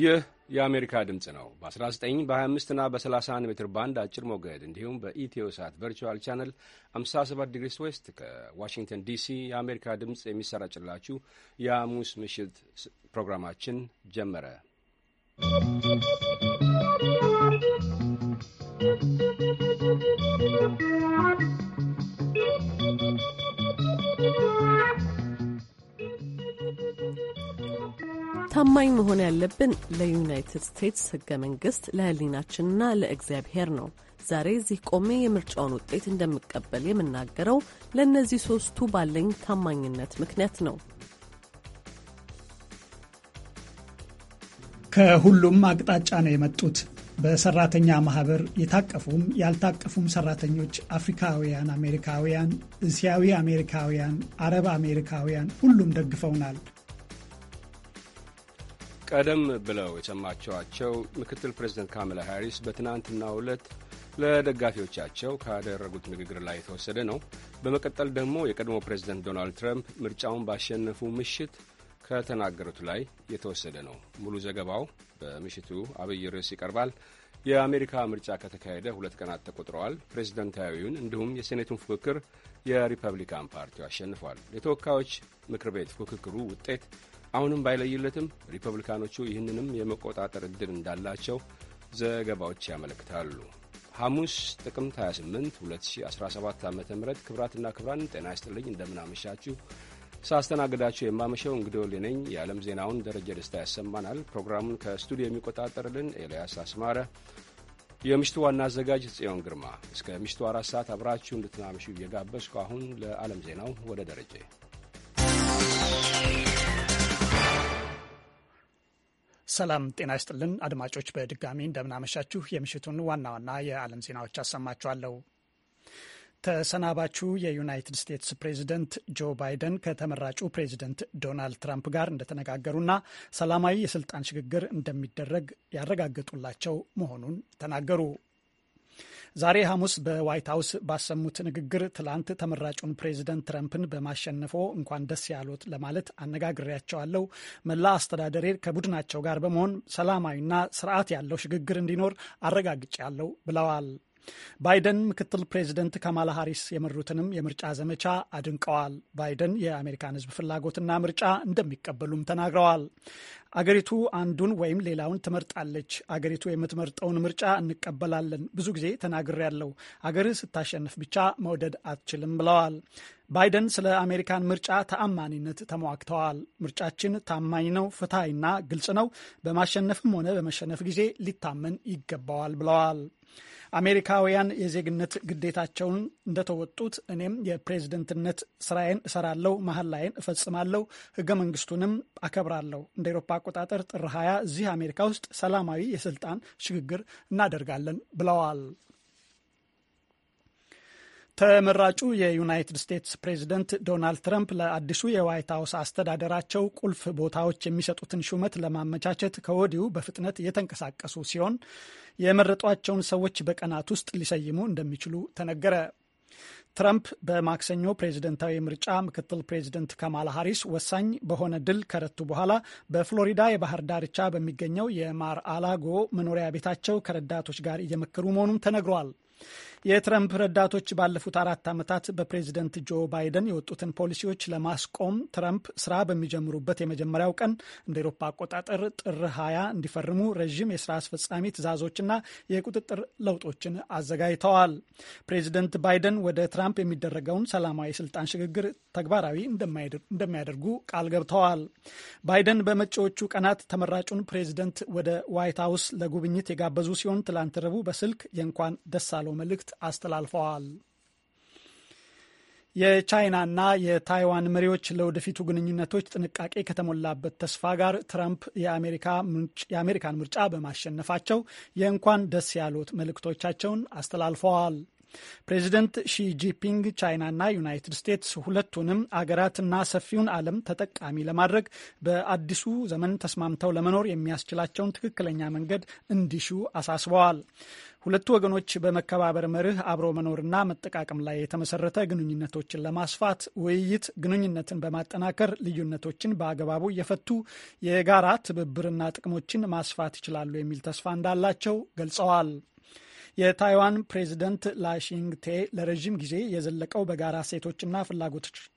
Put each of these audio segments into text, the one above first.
ይህ የአሜሪካ ድምፅ ነው። በ19 በ25 እና በ31 ሜትር ባንድ አጭር ሞገድ እንዲሁም በኢትዮ ሳት ቨርቹዋል ቻነል 57 ዲግሪስ ዌስት ከዋሽንግተን ዲሲ የአሜሪካ ድምፅ የሚሰራጭላችሁ የሐሙስ ምሽት ፕሮግራማችን ጀመረ። ¶¶ ታማኝ መሆን ያለብን ለዩናይትድ ስቴትስ ህገ መንግስት ለህሊናችንና ለእግዚአብሔር ነው። ዛሬ እዚህ ቆሜ የምርጫውን ውጤት እንደምቀበል የምናገረው ለእነዚህ ሶስቱ ባለኝ ታማኝነት ምክንያት ነው። ከሁሉም አቅጣጫ ነው የመጡት። በሰራተኛ ማህበር የታቀፉም ያልታቀፉም ሰራተኞች፣ አፍሪካውያን አሜሪካውያን፣ እስያዊ አሜሪካውያን፣ አረብ አሜሪካውያን ሁሉም ደግፈውናል። ቀደም ብለው የሰማችኋቸው ምክትል ፕሬዚደንት ካማላ ሃሪስ በትናንትናው ዕለት ለደጋፊዎቻቸው ካደረጉት ንግግር ላይ የተወሰደ ነው። በመቀጠል ደግሞ የቀድሞ ፕሬዚደንት ዶናልድ ትራምፕ ምርጫውን ባሸነፉ ምሽት ከተናገሩት ላይ የተወሰደ ነው። ሙሉ ዘገባው በምሽቱ አብይ ርዕስ ይቀርባል። የአሜሪካ ምርጫ ከተካሄደ ሁለት ቀናት ተቆጥረዋል። ፕሬዚደንታዊውን እንዲሁም የሴኔቱን ፉክክር የሪፐብሊካን ፓርቲው አሸንፏል። የተወካዮች ምክር ቤት ፉክክሩ ውጤት አሁንም ባይለይለትም ሪፐብሊካኖቹ ይህንንም የመቆጣጠር እድል እንዳላቸው ዘገባዎች ያመለክታሉ። ሐሙስ ጥቅምት 28 2017 ዓ ም ክብራትና ክብራን ጤና ይስጥልኝ። እንደምናመሻችሁ ሳስተናግዳችሁ የማመሸው እንግዲህ ወሌ የዓለም ዜናውን ደረጀ ደስታ ያሰማናል። ፕሮግራሙን ከስቱዲዮ የሚቆጣጠርልን ኤልያስ አስማረ፣ የምሽቱ ዋና አዘጋጅ ጽዮን ግርማ። እስከ ምሽቱ አራት ሰዓት አብራችሁ እንድትናመሹ እየጋበዝኩ አሁን ለዓለም ዜናው ወደ ደረጀ ሰላም ጤና ይስጥልን አድማጮች፣ በድጋሚ እንደምናመሻችሁ የምሽቱን ዋና ዋና የዓለም ዜናዎች አሰማችኋለሁ። ተሰናባቹ የዩናይትድ ስቴትስ ፕሬዚደንት ጆ ባይደን ከተመራጩ ፕሬዚደንት ዶናልድ ትራምፕ ጋር እንደተነጋገሩና ሰላማዊ የስልጣን ሽግግር እንደሚደረግ ያረጋገጡላቸው መሆኑን ተናገሩ። ዛሬ ሐሙስ በዋይት ሀውስ ባሰሙት ንግግር ትላንት ተመራጩን ፕሬዚደንት ትረምፕን በማሸነፎ እንኳን ደስ ያሉት ለማለት አነጋግሬያቸዋለሁ። መላ አስተዳደሬ ከቡድናቸው ጋር በመሆን ሰላማዊና ስርዓት ያለው ሽግግር እንዲኖር አረጋግጫለሁ ብለዋል። ባይደን ምክትል ፕሬዚደንት ካማላ ሀሪስ የመሩትንም የምርጫ ዘመቻ አድንቀዋል። ባይደን የአሜሪካን ሕዝብ ፍላጎትና ምርጫ እንደሚቀበሉም ተናግረዋል። አገሪቱ አንዱን ወይም ሌላውን ትመርጣለች። አገሪቱ የምትመርጠውን ምርጫ እንቀበላለን። ብዙ ጊዜ ያለው አገር ስታሸንፍ ብቻ መውደድ አትችልም ብለዋል። ባይደን ስለ አሜሪካን ምርጫ ተአማኒነት ተሟግተዋል። ምርጫችን ታማኝ ነው፣ ፍትሐዊና ግልጽ ነው። በማሸነፍም ሆነ በመሸነፍ ጊዜ ሊታመን ይገባዋል ብለዋል። አሜሪካውያን የዜግነት ግዴታቸውን እንደተወጡት እኔም የፕሬዝደንትነት ስራዬን እሰራለሁ፣ ላይን እፈጽማለሁ፣ ህገ መንግስቱንም አከብራለሁ። እንደ ኤሮፓ አቆጣጠር ጥር 20 እዚህ አሜሪካ ውስጥ ሰላማዊ የስልጣን ሽግግር እናደርጋለን ብለዋል። ተመራጩ የዩናይትድ ስቴትስ ፕሬዝደንት ዶናልድ ትራምፕ ለአዲሱ የዋይት ሀውስ አስተዳደራቸው ቁልፍ ቦታዎች የሚሰጡትን ሹመት ለማመቻቸት ከወዲሁ በፍጥነት እየተንቀሳቀሱ ሲሆን የመረጧቸውን ሰዎች በቀናት ውስጥ ሊሰይሙ እንደሚችሉ ተነገረ። ትራምፕ በማክሰኞ ፕሬዝደንታዊ ምርጫ ምክትል ፕሬዝደንት ካማላ ሀሪስ ወሳኝ በሆነ ድል ከረቱ በኋላ በፍሎሪዳ የባህር ዳርቻ በሚገኘው የማር አላጎ መኖሪያ ቤታቸው ከረዳቶች ጋር እየመከሩ መሆኑም ተነግሯል። የትረምፕ ረዳቶች ባለፉት አራት ዓመታት በፕሬዝደንት ጆ ባይደን የወጡትን ፖሊሲዎች ለማስቆም ትረምፕ ስራ በሚጀምሩበት የመጀመሪያው ቀን እንደ ኤሮፓ አቆጣጠር ጥር 20 እንዲፈርሙ ረዥም የስራ አስፈጻሚ ትእዛዞችና የቁጥጥር ለውጦችን አዘጋጅተዋል። ፕሬዚደንት ባይደን ወደ ትራምፕ የሚደረገውን ሰላማዊ ስልጣን ሽግግር ተግባራዊ እንደሚያደርጉ ቃል ገብተዋል። ባይደን በመጪዎቹ ቀናት ተመራጩን ፕሬዝደንት ወደ ዋይት ሀውስ ለጉብኝት የጋበዙ ሲሆን ትላንት ረቡዕ በስልክ የእንኳን ደስ አለው መልእክት መልእክት አስተላልፈዋል። የቻይናና የታይዋን መሪዎች ለወደፊቱ ግንኙነቶች ጥንቃቄ ከተሞላበት ተስፋ ጋር ትራምፕ የአሜሪካን ምርጫ በማሸነፋቸው የእንኳን ደስ ያሉት መልእክቶቻቸውን አስተላልፈዋል። ፕሬዚደንት ሺጂፒንግ ቻይናና ዩናይትድ ስቴትስ ሁለቱንም አገራትና ሰፊውን ዓለም ተጠቃሚ ለማድረግ በአዲሱ ዘመን ተስማምተው ለመኖር የሚያስችላቸውን ትክክለኛ መንገድ እንዲሹ አሳስበዋል። ሁለቱ ወገኖች በመከባበር መርህ አብሮ መኖርና መጠቃቀም ላይ የተመሰረተ ግንኙነቶችን ለማስፋት ውይይት፣ ግንኙነትን በማጠናከር ልዩነቶችን በአግባቡ እየፈቱ የጋራ ትብብርና ጥቅሞችን ማስፋት ይችላሉ የሚል ተስፋ እንዳላቸው ገልጸዋል። የታይዋን ፕሬዚደንት ላሺንግቴ ለረዥም ጊዜ የዘለቀው በጋራ ሴቶችና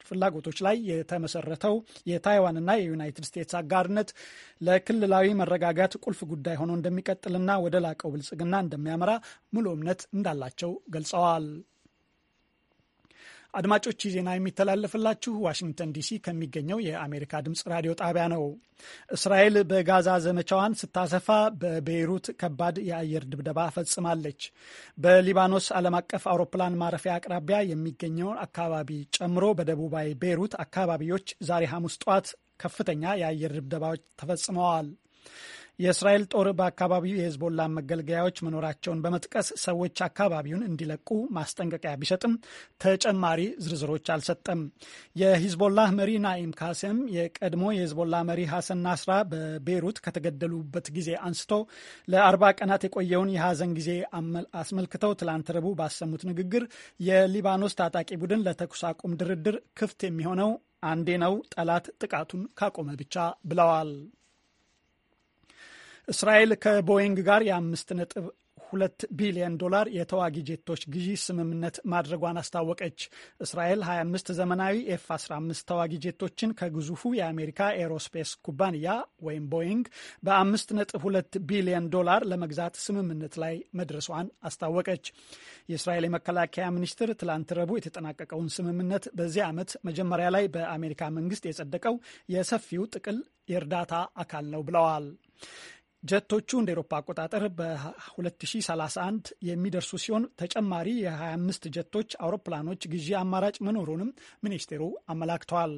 ፍላጎቶች ላይ የተመሰረተው የታይዋንና የዩናይትድ ስቴትስ አጋርነት ለክልላዊ መረጋጋት ቁልፍ ጉዳይ ሆኖ እንደሚቀጥልና ወደ ላቀው ብልጽግና እንደሚያመራ ሙሉ እምነት እንዳላቸው ገልጸዋል። አድማጮች ዜና የሚተላለፍላችሁ ዋሽንግተን ዲሲ ከሚገኘው የአሜሪካ ድምፅ ራዲዮ ጣቢያ ነው። እስራኤል በጋዛ ዘመቻዋን ስታሰፋ በቤይሩት ከባድ የአየር ድብደባ ፈጽማለች። በሊባኖስ ዓለም አቀፍ አውሮፕላን ማረፊያ አቅራቢያ የሚገኘውን አካባቢ ጨምሮ በደቡባዊ ቤይሩት አካባቢዎች ዛሬ ሐሙስ ጠዋት ከፍተኛ የአየር ድብደባዎች ተፈጽመዋል። የእስራኤል ጦር በአካባቢው የሄዝቦላ መገልገያዎች መኖራቸውን በመጥቀስ ሰዎች አካባቢውን እንዲለቁ ማስጠንቀቂያ ቢሰጥም ተጨማሪ ዝርዝሮች አልሰጠም። የሂዝቦላ መሪ ናኢም ካሴም የቀድሞ የሂዝቦላ መሪ ሐሰን ናስራ በቤይሩት ከተገደሉበት ጊዜ አንስቶ ለአርባ ቀናት የቆየውን የሐዘን ጊዜ አስመልክተው ትላንት ረቡዕ ባሰሙት ንግግር የሊባኖስ ታጣቂ ቡድን ለተኩስ አቁም ድርድር ክፍት የሚሆነው አንዴ ነው፣ ጠላት ጥቃቱን ካቆመ ብቻ ብለዋል። እስራኤል ከቦይንግ ጋር የአምስት ነጥብ ሁለት ቢሊዮን ዶላር የተዋጊ ጄቶች ግዢ ስምምነት ማድረጓን አስታወቀች። እስራኤል 25 ዘመናዊ ኤፍ 15 ተዋጊ ጄቶችን ከግዙፉ የአሜሪካ ኤሮስፔስ ኩባንያ ወይም ቦይንግ በ5.2 ቢሊዮን ዶላር ለመግዛት ስምምነት ላይ መድረሷን አስታወቀች። የእስራኤል የመከላከያ ሚኒስትር ትላንት ረቡዕ የተጠናቀቀውን ስምምነት በዚህ ዓመት መጀመሪያ ላይ በአሜሪካ መንግስት የጸደቀው የሰፊው ጥቅል የእርዳታ አካል ነው ብለዋል። ጀቶቹ እንደ ኤሮፓ አቆጣጠር በ2031 የሚደርሱ ሲሆን ተጨማሪ የ25 ጀቶች አውሮፕላኖች ግዢ አማራጭ መኖሩንም ሚኒስቴሩ አመላክተዋል።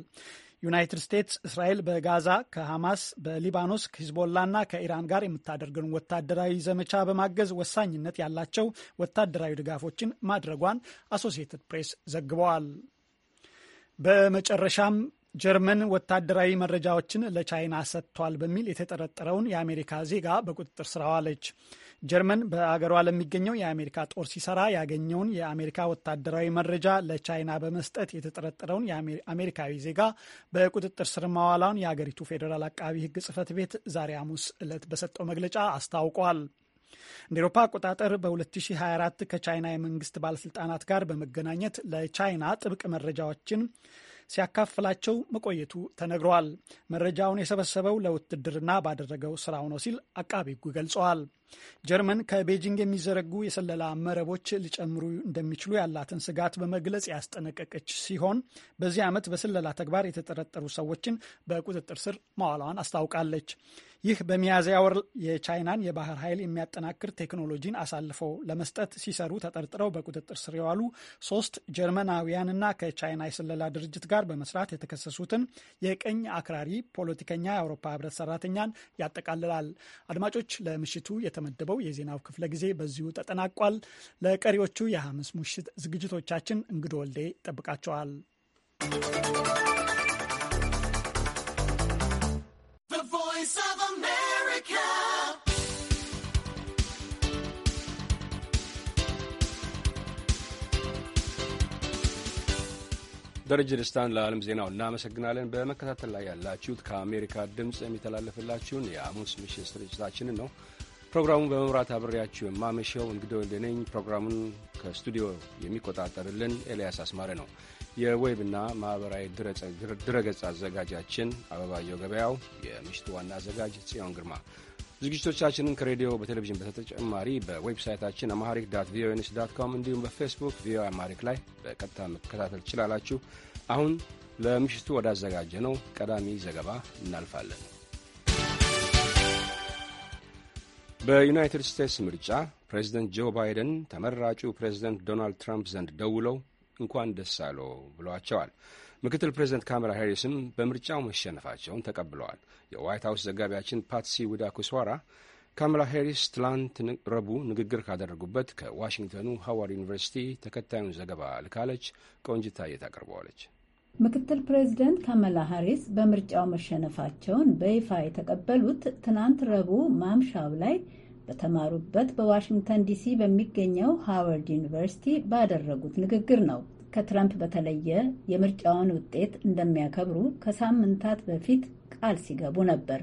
ዩናይትድ ስቴትስ እስራኤል በጋዛ ከሐማስ በሊባኖስ ከሂዝቦላና ከኢራን ጋር የምታደርገውን ወታደራዊ ዘመቻ በማገዝ ወሳኝነት ያላቸው ወታደራዊ ድጋፎችን ማድረጓን አሶሲየትድ ፕሬስ ዘግበዋል። በመጨረሻም ጀርመን ወታደራዊ መረጃዎችን ለቻይና ሰጥቷል በሚል የተጠረጠረውን የአሜሪካ ዜጋ በቁጥጥር ስር አዋለች። ጀርመን በአገሯ ለሚገኘው የአሜሪካ ጦር ሲሰራ ያገኘውን የአሜሪካ ወታደራዊ መረጃ ለቻይና በመስጠት የተጠረጠረውን የአሜሪካዊ ዜጋ በቁጥጥር ስር ማዋላውን የአገሪቱ ፌዴራል አቃቢ ሕግ ጽህፈት ቤት ዛሬ ሐሙስ ዕለት በሰጠው መግለጫ አስታውቋል። እንደ ኤሮፓ አቆጣጠር በ2024 ከቻይና የመንግስት ባለስልጣናት ጋር በመገናኘት ለቻይና ጥብቅ መረጃዎችን ሲያካፍላቸው መቆየቱ ተነግረዋል። መረጃውን የሰበሰበው ለውትድርና ባደረገው ስራው ነው ሲል አቃቢ ሕጉ ገልጸዋል። ጀርመን ከቤጂንግ የሚዘረጉ የስለላ መረቦች ሊጨምሩ እንደሚችሉ ያላትን ስጋት በመግለጽ ያስጠነቀቀች ሲሆን በዚህ ዓመት በስለላ ተግባር የተጠረጠሩ ሰዎችን በቁጥጥር ስር ማዋሏን አስታውቃለች። ይህ በሚያዝያ ወር የቻይናን የባህር ኃይል የሚያጠናክር ቴክኖሎጂን አሳልፈው ለመስጠት ሲሰሩ ተጠርጥረው በቁጥጥር ስር የዋሉ ሶስት ጀርመናውያንና ከቻይና የስለላ ድርጅት ጋር በመስራት የተከሰሱትን የቀኝ አክራሪ ፖለቲከኛ የአውሮፓ ህብረት ሰራተኛን ያጠቃልላል። አድማጮች ለምሽቱ የተመደበው የዜናው ክፍለ ጊዜ በዚሁ ተጠናቋል። ለቀሪዎቹ የሐሙስ ምሽት ዝግጅቶቻችን እንግዶ ወልዴ ይጠብቃቸዋል። ደረጀ ደስታን ለዓለም ዜናው እናመሰግናለን። በመከታተል ላይ ያላችሁት ከአሜሪካ ድምፅ የሚተላለፍላችሁን የሐሙስ ምሽት ስርጭታችንን ነው። ፕሮግራሙን በመምራት አብሬያችሁ የማመሸው እንግዶ ወልደነኝ። ፕሮግራሙን ከስቱዲዮ የሚቆጣጠርልን ኤልያስ አስማረ ነው። የዌብና ማኅበራዊ ድረገጽ አዘጋጃችን አበባየው ገበያው፣ የምሽቱ ዋና አዘጋጅ ጽዮን ግርማ። ዝግጅቶቻችንን ከሬዲዮ በቴሌቪዥን በተጨማሪ በዌብሳይታችን አማሪክ ዳት ቪኦኤ ኒውስ ዳት ኮም እንዲሁም በፌስቡክ ቪኦኤ አማሪክ ላይ በቀጥታ መከታተል ትችላላችሁ። አሁን ለምሽቱ ወዳዘጋጀ ነው ቀዳሚ ዘገባ እናልፋለን። በዩናይትድ ስቴትስ ምርጫ ፕሬዚደንት ጆ ባይደን ተመራጩ ፕሬዚደንት ዶናልድ ትራምፕ ዘንድ ደውለው እንኳን ደስ አሎ ብሏቸዋል። ምክትል ፕሬዚደንት ካማላ ሃሪስም በምርጫው መሸነፋቸውን ተቀብለዋል። የዋይት ሀውስ ዘጋቢያችን ፓትሲ ውዳኩስዋራ ካማላ ሃሪስ ትላንት ረቡዕ ንግግር ካደረጉበት ከዋሽንግተኑ ሃዋርድ ዩኒቨርሲቲ ተከታዩን ዘገባ ልካለች። ቆንጅታ ታቀርበዋለች። ምክትል ፕሬዚደንት ካመላ ሃሪስ በምርጫው መሸነፋቸውን በይፋ የተቀበሉት ትናንት ረቡዕ ማምሻው ላይ በተማሩበት በዋሽንግተን ዲሲ በሚገኘው ሃዋርድ ዩኒቨርሲቲ ባደረጉት ንግግር ነው። ከትራምፕ በተለየ የምርጫውን ውጤት እንደሚያከብሩ ከሳምንታት በፊት ቃል ሲገቡ ነበር።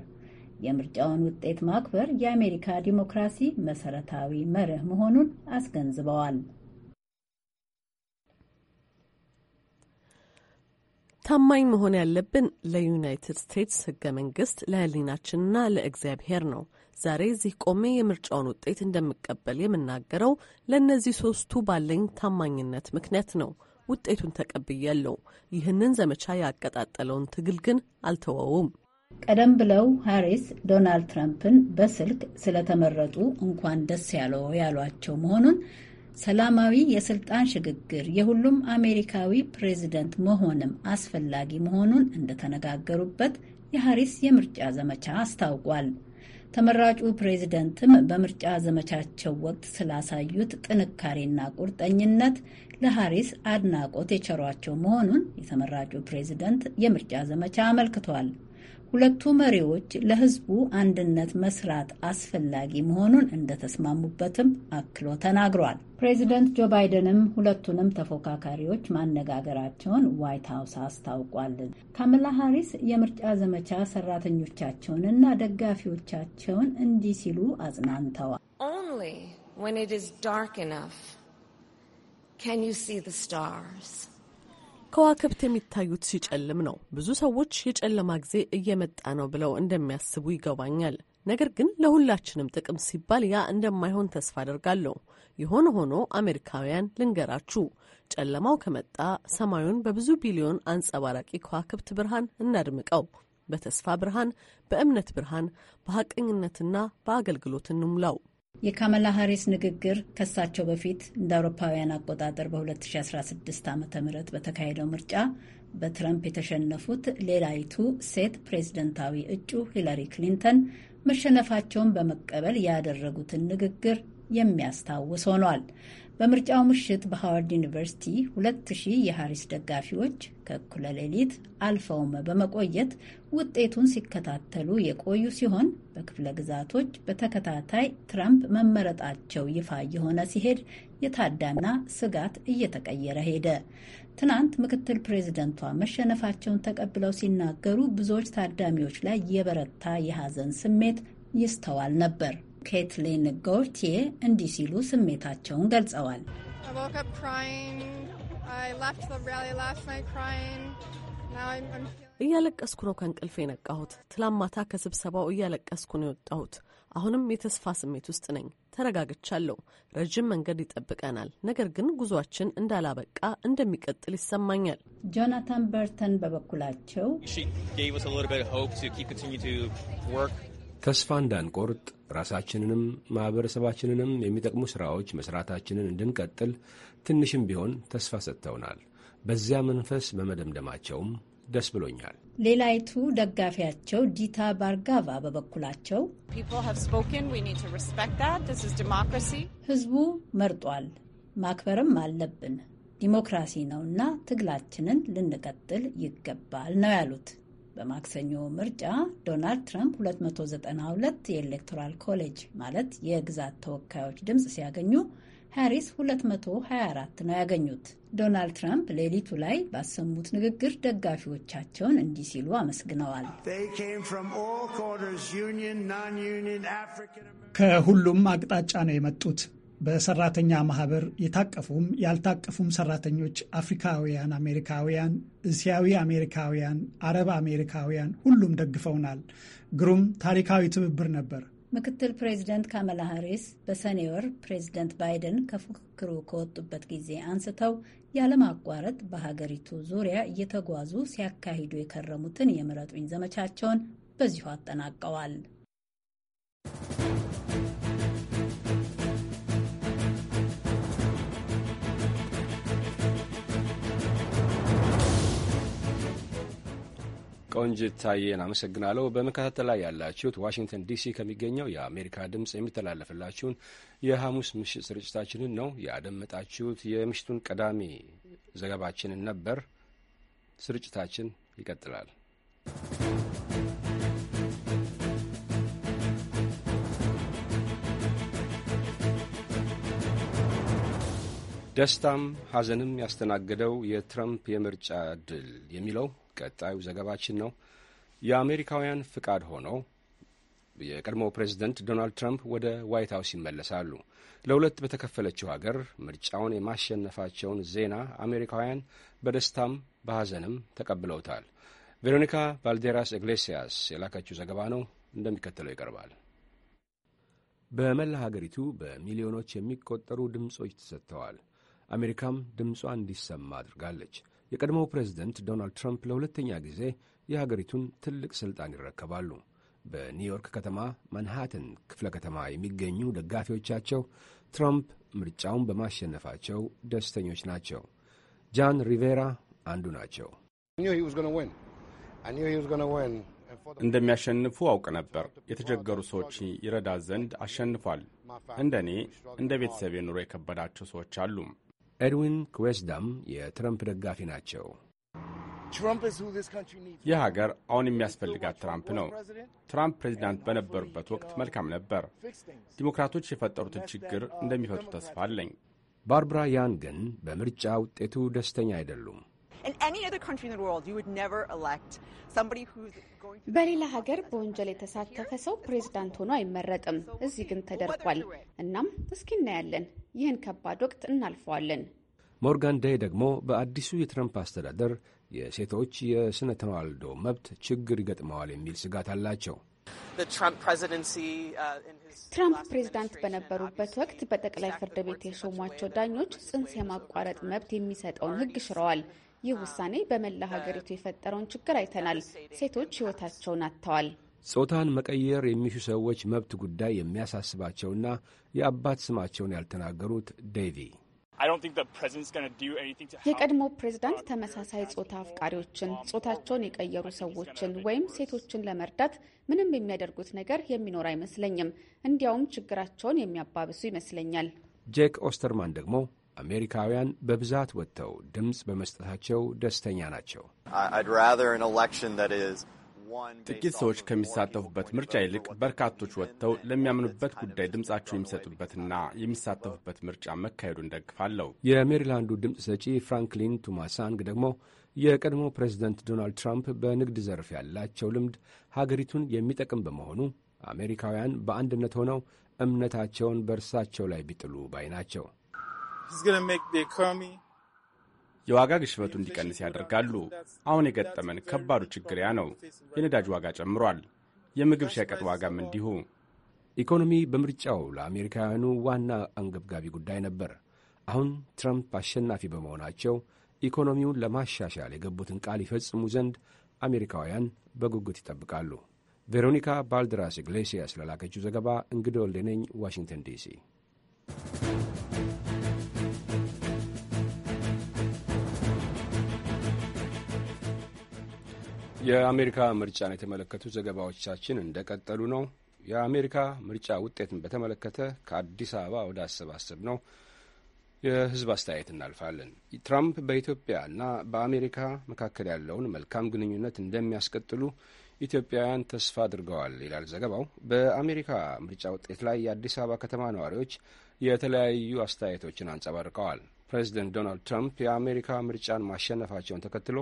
የምርጫውን ውጤት ማክበር የአሜሪካ ዲሞክራሲ መሰረታዊ መርህ መሆኑን አስገንዝበዋል። ታማኝ መሆን ያለብን ለዩናይትድ ስቴትስ ህገ መንግስት፣ ለሕሊናችንና ለእግዚአብሔር ነው። ዛሬ እዚህ ቆሜ የምርጫውን ውጤት እንደምቀበል የምናገረው ለእነዚህ ሶስቱ ባለኝ ታማኝነት ምክንያት ነው። ውጤቱን ተቀብያለሁ። ይህንን ዘመቻ ያቀጣጠለውን ትግል ግን አልተወውም። ቀደም ብለው ሃሪስ ዶናልድ ትራምፕን በስልክ ስለተመረጡ እንኳን ደስ ያለው ያሏቸው መሆኑን ሰላማዊ የስልጣን ሽግግር የሁሉም አሜሪካዊ ፕሬዚደንት መሆንም አስፈላጊ መሆኑን እንደተነጋገሩበት የሐሪስ የምርጫ ዘመቻ አስታውቋል። ተመራጩ ፕሬዚደንትም በምርጫ ዘመቻቸው ወቅት ስላሳዩት ጥንካሬና ቁርጠኝነት ለሐሪስ አድናቆት የቸሯቸው መሆኑን የተመራጩ ፕሬዚደንት የምርጫ ዘመቻ አመልክቷል። ሁለቱ መሪዎች ለህዝቡ አንድነት መስራት አስፈላጊ መሆኑን እንደተስማሙበትም አክሎ ተናግሯል። ፕሬዚደንት ጆ ባይደንም ሁለቱንም ተፎካካሪዎች ማነጋገራቸውን ዋይት ሀውስ አስታውቋል። ካማላ ሃሪስ የምርጫ ዘመቻ ሰራተኞቻቸውን እና ደጋፊዎቻቸውን እንዲህ ሲሉ አጽናንተዋል። Only when it ከዋክብት የሚታዩት ሲጨልም ነው። ብዙ ሰዎች የጨለማ ጊዜ እየመጣ ነው ብለው እንደሚያስቡ ይገባኛል። ነገር ግን ለሁላችንም ጥቅም ሲባል ያ እንደማይሆን ተስፋ አደርጋለሁ። የሆነ ሆኖ አሜሪካውያን ልንገራችሁ፣ ጨለማው ከመጣ ሰማዩን በብዙ ቢሊዮን አንጸባራቂ ከዋክብት ብርሃን እናድምቀው። በተስፋ ብርሃን፣ በእምነት ብርሃን፣ በሐቀኝነትና በአገልግሎት እንሙላው። የካመላ ሀሪስ ንግግር ከሳቸው በፊት እንደ አውሮፓውያን አቆጣጠር በ2016 ዓ ም በተካሄደው ምርጫ በትረምፕ የተሸነፉት ሌላይቱ ሴት ፕሬዝደንታዊ እጩ ሂላሪ ክሊንተን መሸነፋቸውን በመቀበል ያደረጉትን ንግግር የሚያስታውስ ሆኗል። በምርጫው ምሽት በሃዋርድ ዩኒቨርሲቲ ሁለት ሺህ የሃሪስ ደጋፊዎች ከእኩለ ሌሊት አልፈውም በመቆየት ውጤቱን ሲከታተሉ የቆዩ ሲሆን በክፍለ ግዛቶች በተከታታይ ትራምፕ መመረጣቸው ይፋ እየሆነ ሲሄድ የታዳና ስጋት እየተቀየረ ሄደ። ትናንት ምክትል ፕሬዚደንቷ መሸነፋቸውን ተቀብለው ሲናገሩ ብዙዎች ታዳሚዎች ላይ የበረታ የሐዘን ስሜት ይስተዋል ነበር። ኬትሊን ጎርቲዬ እንዲህ ሲሉ ስሜታቸውን ገልጸዋል። እያለቀስኩ ነው ከእንቅልፍ የነቃሁት። ትላንት ማታ ከስብሰባው እያለቀስኩ ነው የወጣሁት። አሁንም የተስፋ ስሜት ውስጥ ነኝ። ተረጋግቻለሁ። ረዥም መንገድ ይጠብቀናል፣ ነገር ግን ጉዟችን እንዳላበቃ እንደሚቀጥል ይሰማኛል። ጆናታን በርተን በበኩላቸው ተስፋ እንዳንቆርጥ ራሳችንንም ማህበረሰባችንንም የሚጠቅሙ ስራዎች መስራታችንን እንድንቀጥል ትንሽም ቢሆን ተስፋ ሰጥተውናል። በዚያ መንፈስ በመደምደማቸውም ደስ ብሎኛል። ሌላይቱ ደጋፊያቸው ዲታ ባርጋቫ በበኩላቸው ህዝቡ መርጧል፣ ማክበርም አለብን ዲሞክራሲ ነውና ትግላችንን ልንቀጥል ይገባል ነው ያሉት። በማክሰኞ ምርጫ ዶናልድ ትራምፕ 292 የኤሌክቶራል ኮሌጅ ማለት የግዛት ተወካዮች ድምፅ ሲያገኙ ሃሪስ 224 ነው ያገኙት። ዶናልድ ትራምፕ ሌሊቱ ላይ ባሰሙት ንግግር ደጋፊዎቻቸውን እንዲህ ሲሉ አመስግነዋል። ከሁሉም አቅጣጫ ነው የመጡት በሰራተኛ ማህበር የታቀፉም ያልታቀፉም ሰራተኞች፣ አፍሪካውያን አሜሪካውያን፣ እስያዊ አሜሪካውያን፣ አረብ አሜሪካውያን ሁሉም ደግፈውናል። ግሩም ታሪካዊ ትብብር ነበር። ምክትል ፕሬዚደንት ካመላ ሃሪስ በሰኔ ወር ፕሬዚደንት ባይደን ከፉክክሩ ከወጡበት ጊዜ አንስተው ያለማቋረጥ በሀገሪቱ ዙሪያ እየተጓዙ ሲያካሂዱ የከረሙትን የምረጡኝ ዘመቻቸውን በዚሁ አጠናቀዋል። ቆንጅት ታዬን አመሰግናለሁ። በመከታተል ላይ ያላችሁት ዋሽንግተን ዲሲ ከሚገኘው የአሜሪካ ድምፅ የሚተላለፍላችሁን የሐሙስ ምሽት ስርጭታችንን ነው ያደመጣችሁት። የምሽቱን ቀዳሚ ዘገባችንን ነበር። ስርጭታችን ይቀጥላል። ደስታም ሐዘንም ያስተናገደው የትራምፕ የምርጫ ድል የሚለው ቀጣዩ ዘገባችን ነው። የአሜሪካውያን ፍቃድ ሆነው የቀድሞ ፕሬዚደንት ዶናልድ ትራምፕ ወደ ዋይት ሀውስ ይመለሳሉ። ለሁለት በተከፈለችው ሀገር ምርጫውን የማሸነፋቸውን ዜና አሜሪካውያን በደስታም በሐዘንም ተቀብለውታል። ቬሮኒካ ባልዴራስ ኢግሌሲያስ የላከችው ዘገባ ነው፣ እንደሚከተለው ይቀርባል። በመላ ሀገሪቱ በሚሊዮኖች የሚቆጠሩ ድምፆች ተሰጥተዋል። አሜሪካም ድምጿ እንዲሰማ አድርጋለች። የቀድሞው ፕሬዝደንት ዶናልድ ትራምፕ ለሁለተኛ ጊዜ የሀገሪቱን ትልቅ ሥልጣን ይረከባሉ። በኒውዮርክ ከተማ ማንሃተን ክፍለ ከተማ የሚገኙ ደጋፊዎቻቸው ትራምፕ ምርጫውን በማሸነፋቸው ደስተኞች ናቸው። ጃን ሪቬራ አንዱ ናቸው። እንደሚያሸንፉ አውቅ ነበር። የተቸገሩ ሰዎች ይረዳ ዘንድ አሸንፏል። እንደ እኔ እንደ ቤተሰቤ ኑሮ የከበዳቸው ሰዎች አሉ። ኤድዊን ክዌስዳም የትረምፕ ደጋፊ ናቸው። ይህ ሀገር አሁን የሚያስፈልጋት ትራምፕ ነው። ትራምፕ ፕሬዚዳንት በነበሩበት ወቅት መልካም ነበር። ዲሞክራቶች የፈጠሩትን ችግር እንደሚፈቱ ተስፋ አለኝ። ባርብራ ያን ግን በምርጫ ውጤቱ ደስተኛ አይደሉም። በሌላ ሀገር በወንጀል የተሳተፈ ሰው ፕሬዝዳንት ሆኖ አይመረጥም። እዚህ ግን ተደርጓል። እናም እስኪ እናያለን። ይህን ከባድ ወቅት እናልፈዋለን። ሞርጋን ዳይ ደግሞ በአዲሱ የትረምፕ አስተዳደር የሴቶች የሥነ ተዋልዶ መብት ችግር ይገጥመዋል የሚል ስጋት አላቸው። uh, ትራምፕ ፕሬዚዳንት በነበሩበት ወቅት በጠቅላይ ፍርድ ቤት የሾሟቸው ዳኞች ጽንስ የማቋረጥ መብት የሚሰጠውን ሕግ ሽረዋል። ይህ ውሳኔ በመላ ሀገሪቱ የፈጠረውን ችግር አይተናል። ሴቶች ሕይወታቸውን አጥተዋል። ጾታን መቀየር የሚሹ ሰዎች መብት ጉዳይ የሚያሳስባቸውና የአባት ስማቸውን ያልተናገሩት ዴቪ የቀድሞ ፕሬዝዳንት ተመሳሳይ ጾታ አፍቃሪዎችን፣ ጾታቸውን የቀየሩ ሰዎችን ወይም ሴቶችን ለመርዳት ምንም የሚያደርጉት ነገር የሚኖር አይመስለኝም። እንዲያውም ችግራቸውን የሚያባብሱ ይመስለኛል። ጄክ ኦስተርማን ደግሞ አሜሪካውያን በብዛት ወጥተው ድምፅ በመስጠታቸው ደስተኛ ናቸው። ጥቂት ሰዎች ከሚሳተፉበት ምርጫ ይልቅ በርካቶች ወጥተው ለሚያምኑበት ጉዳይ ድምፃቸው የሚሰጡበትና የሚሳተፉበት ምርጫ መካሄዱን ደግፋለሁ። የሜሪላንዱ ድምፅ ሰጪ ፍራንክሊን ቱማሳንግ ደግሞ የቀድሞ ፕሬዝደንት ዶናልድ ትራምፕ በንግድ ዘርፍ ያላቸው ልምድ ሀገሪቱን የሚጠቅም በመሆኑ አሜሪካውያን በአንድነት ሆነው እምነታቸውን በእርሳቸው ላይ ቢጥሉ ባይ ናቸው። የዋጋ ግሽበቱ እንዲቀንስ ያደርጋሉ። አሁን የገጠመን ከባዱ ችግር ያ ነው። የነዳጅ ዋጋ ጨምሯል። የምግብ ሸቀጥ ዋጋም እንዲሁ። ኢኮኖሚ በምርጫው ለአሜሪካውያኑ ዋና አንገብጋቢ ጉዳይ ነበር። አሁን ትራምፕ አሸናፊ በመሆናቸው ኢኮኖሚውን ለማሻሻል የገቡትን ቃል ይፈጽሙ ዘንድ አሜሪካውያን በጉጉት ይጠብቃሉ። ቬሮኒካ ባልድራስ ኢግሌሲያስ ለላከችው ዘገባ እንግዶ ወልደነኝ ዋሽንግተን ዲሲ የአሜሪካ ምርጫን የተመለከቱ ዘገባዎቻችን እንደቀጠሉ ነው። የአሜሪካ ምርጫ ውጤትን በተመለከተ ከአዲስ አበባ ወደ አሰባሰብ ነው የህዝብ አስተያየት እናልፋለን። ትራምፕ በኢትዮጵያና በአሜሪካ መካከል ያለውን መልካም ግንኙነት እንደሚያስቀጥሉ ኢትዮጵያውያን ተስፋ አድርገዋል ይላል ዘገባው። በአሜሪካ ምርጫ ውጤት ላይ የአዲስ አበባ ከተማ ነዋሪዎች የተለያዩ አስተያየቶችን አንጸባርቀዋል። ፕሬዚደንት ዶናልድ ትራምፕ የአሜሪካ ምርጫን ማሸነፋቸውን ተከትሎ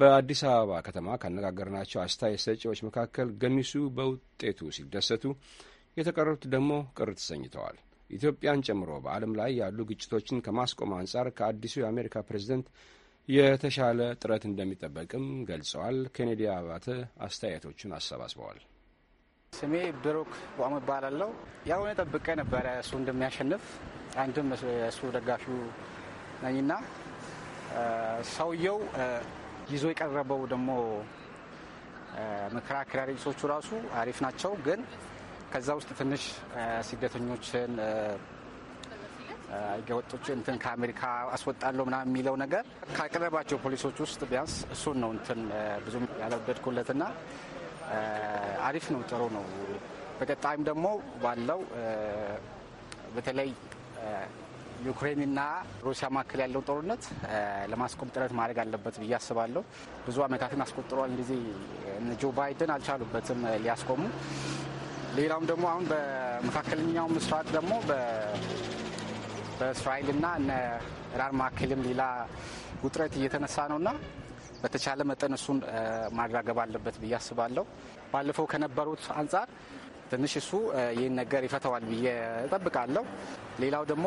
በአዲስ አበባ ከተማ ካነጋገርናቸው አስተያየት ሰጪዎች መካከል ገሚሱ በውጤቱ ሲደሰቱ፣ የተቀረሩት ደግሞ ቅር ተሰኝተዋል። ኢትዮጵያን ጨምሮ በዓለም ላይ ያሉ ግጭቶችን ከማስቆም አንጻር ከአዲሱ የአሜሪካ ፕሬዝደንት የተሻለ ጥረት እንደሚጠበቅም ገልጸዋል። ኬኔዲ አባተ አስተያየቶቹን አሰባስበዋል። ስሜ ብሩክ ቧሙ ይባላለው። ያው እኔ ጠብቄ ነበረ እሱ እንደሚያሸንፍ አንድም እሱ ደጋፊው ነኝና ሰውየው ይዞ የቀረበው ደግሞ መከራከሪያ ርዕሶቹ ራሱ አሪፍ ናቸው። ግን ከዛ ውስጥ ትንሽ ስደተኞችን ህገወጦች እንትን ከአሜሪካ አስወጣለሁ ምናምን የሚለው ነገር ካቀረባቸው ፖሊሶች ውስጥ ቢያንስ እሱን ነው እንትን ብዙም ያልወደድኩለትና አሪፍ ነው፣ ጥሩ ነው። በቀጣይም ደግሞ ባለው በተለይ ዩክሬንና ሩሲያ መካከል ያለው ጦርነት ለማስቆም ጥረት ማድረግ አለበት ብዬ አስባለሁ። ብዙ ዓመታትን አስቆጥሯል። እንደዚህ ጆ ባይደን አልቻሉበትም ሊያስቆሙ። ሌላውም ደግሞ አሁን በመካከለኛው ምስራቅ ደግሞ በእስራኤልና እነ ኢራን መካከልም ሌላ ውጥረት እየተነሳ ነውና በተቻለ መጠን እሱን ማራገብ አለበት ብዬ አስባለሁ። ባለፈው ከነበሩት አንጻር ትንሽ እሱ ይህን ነገር ይፈተዋል ብዬ እጠብቃለሁ። ሌላው ደግሞ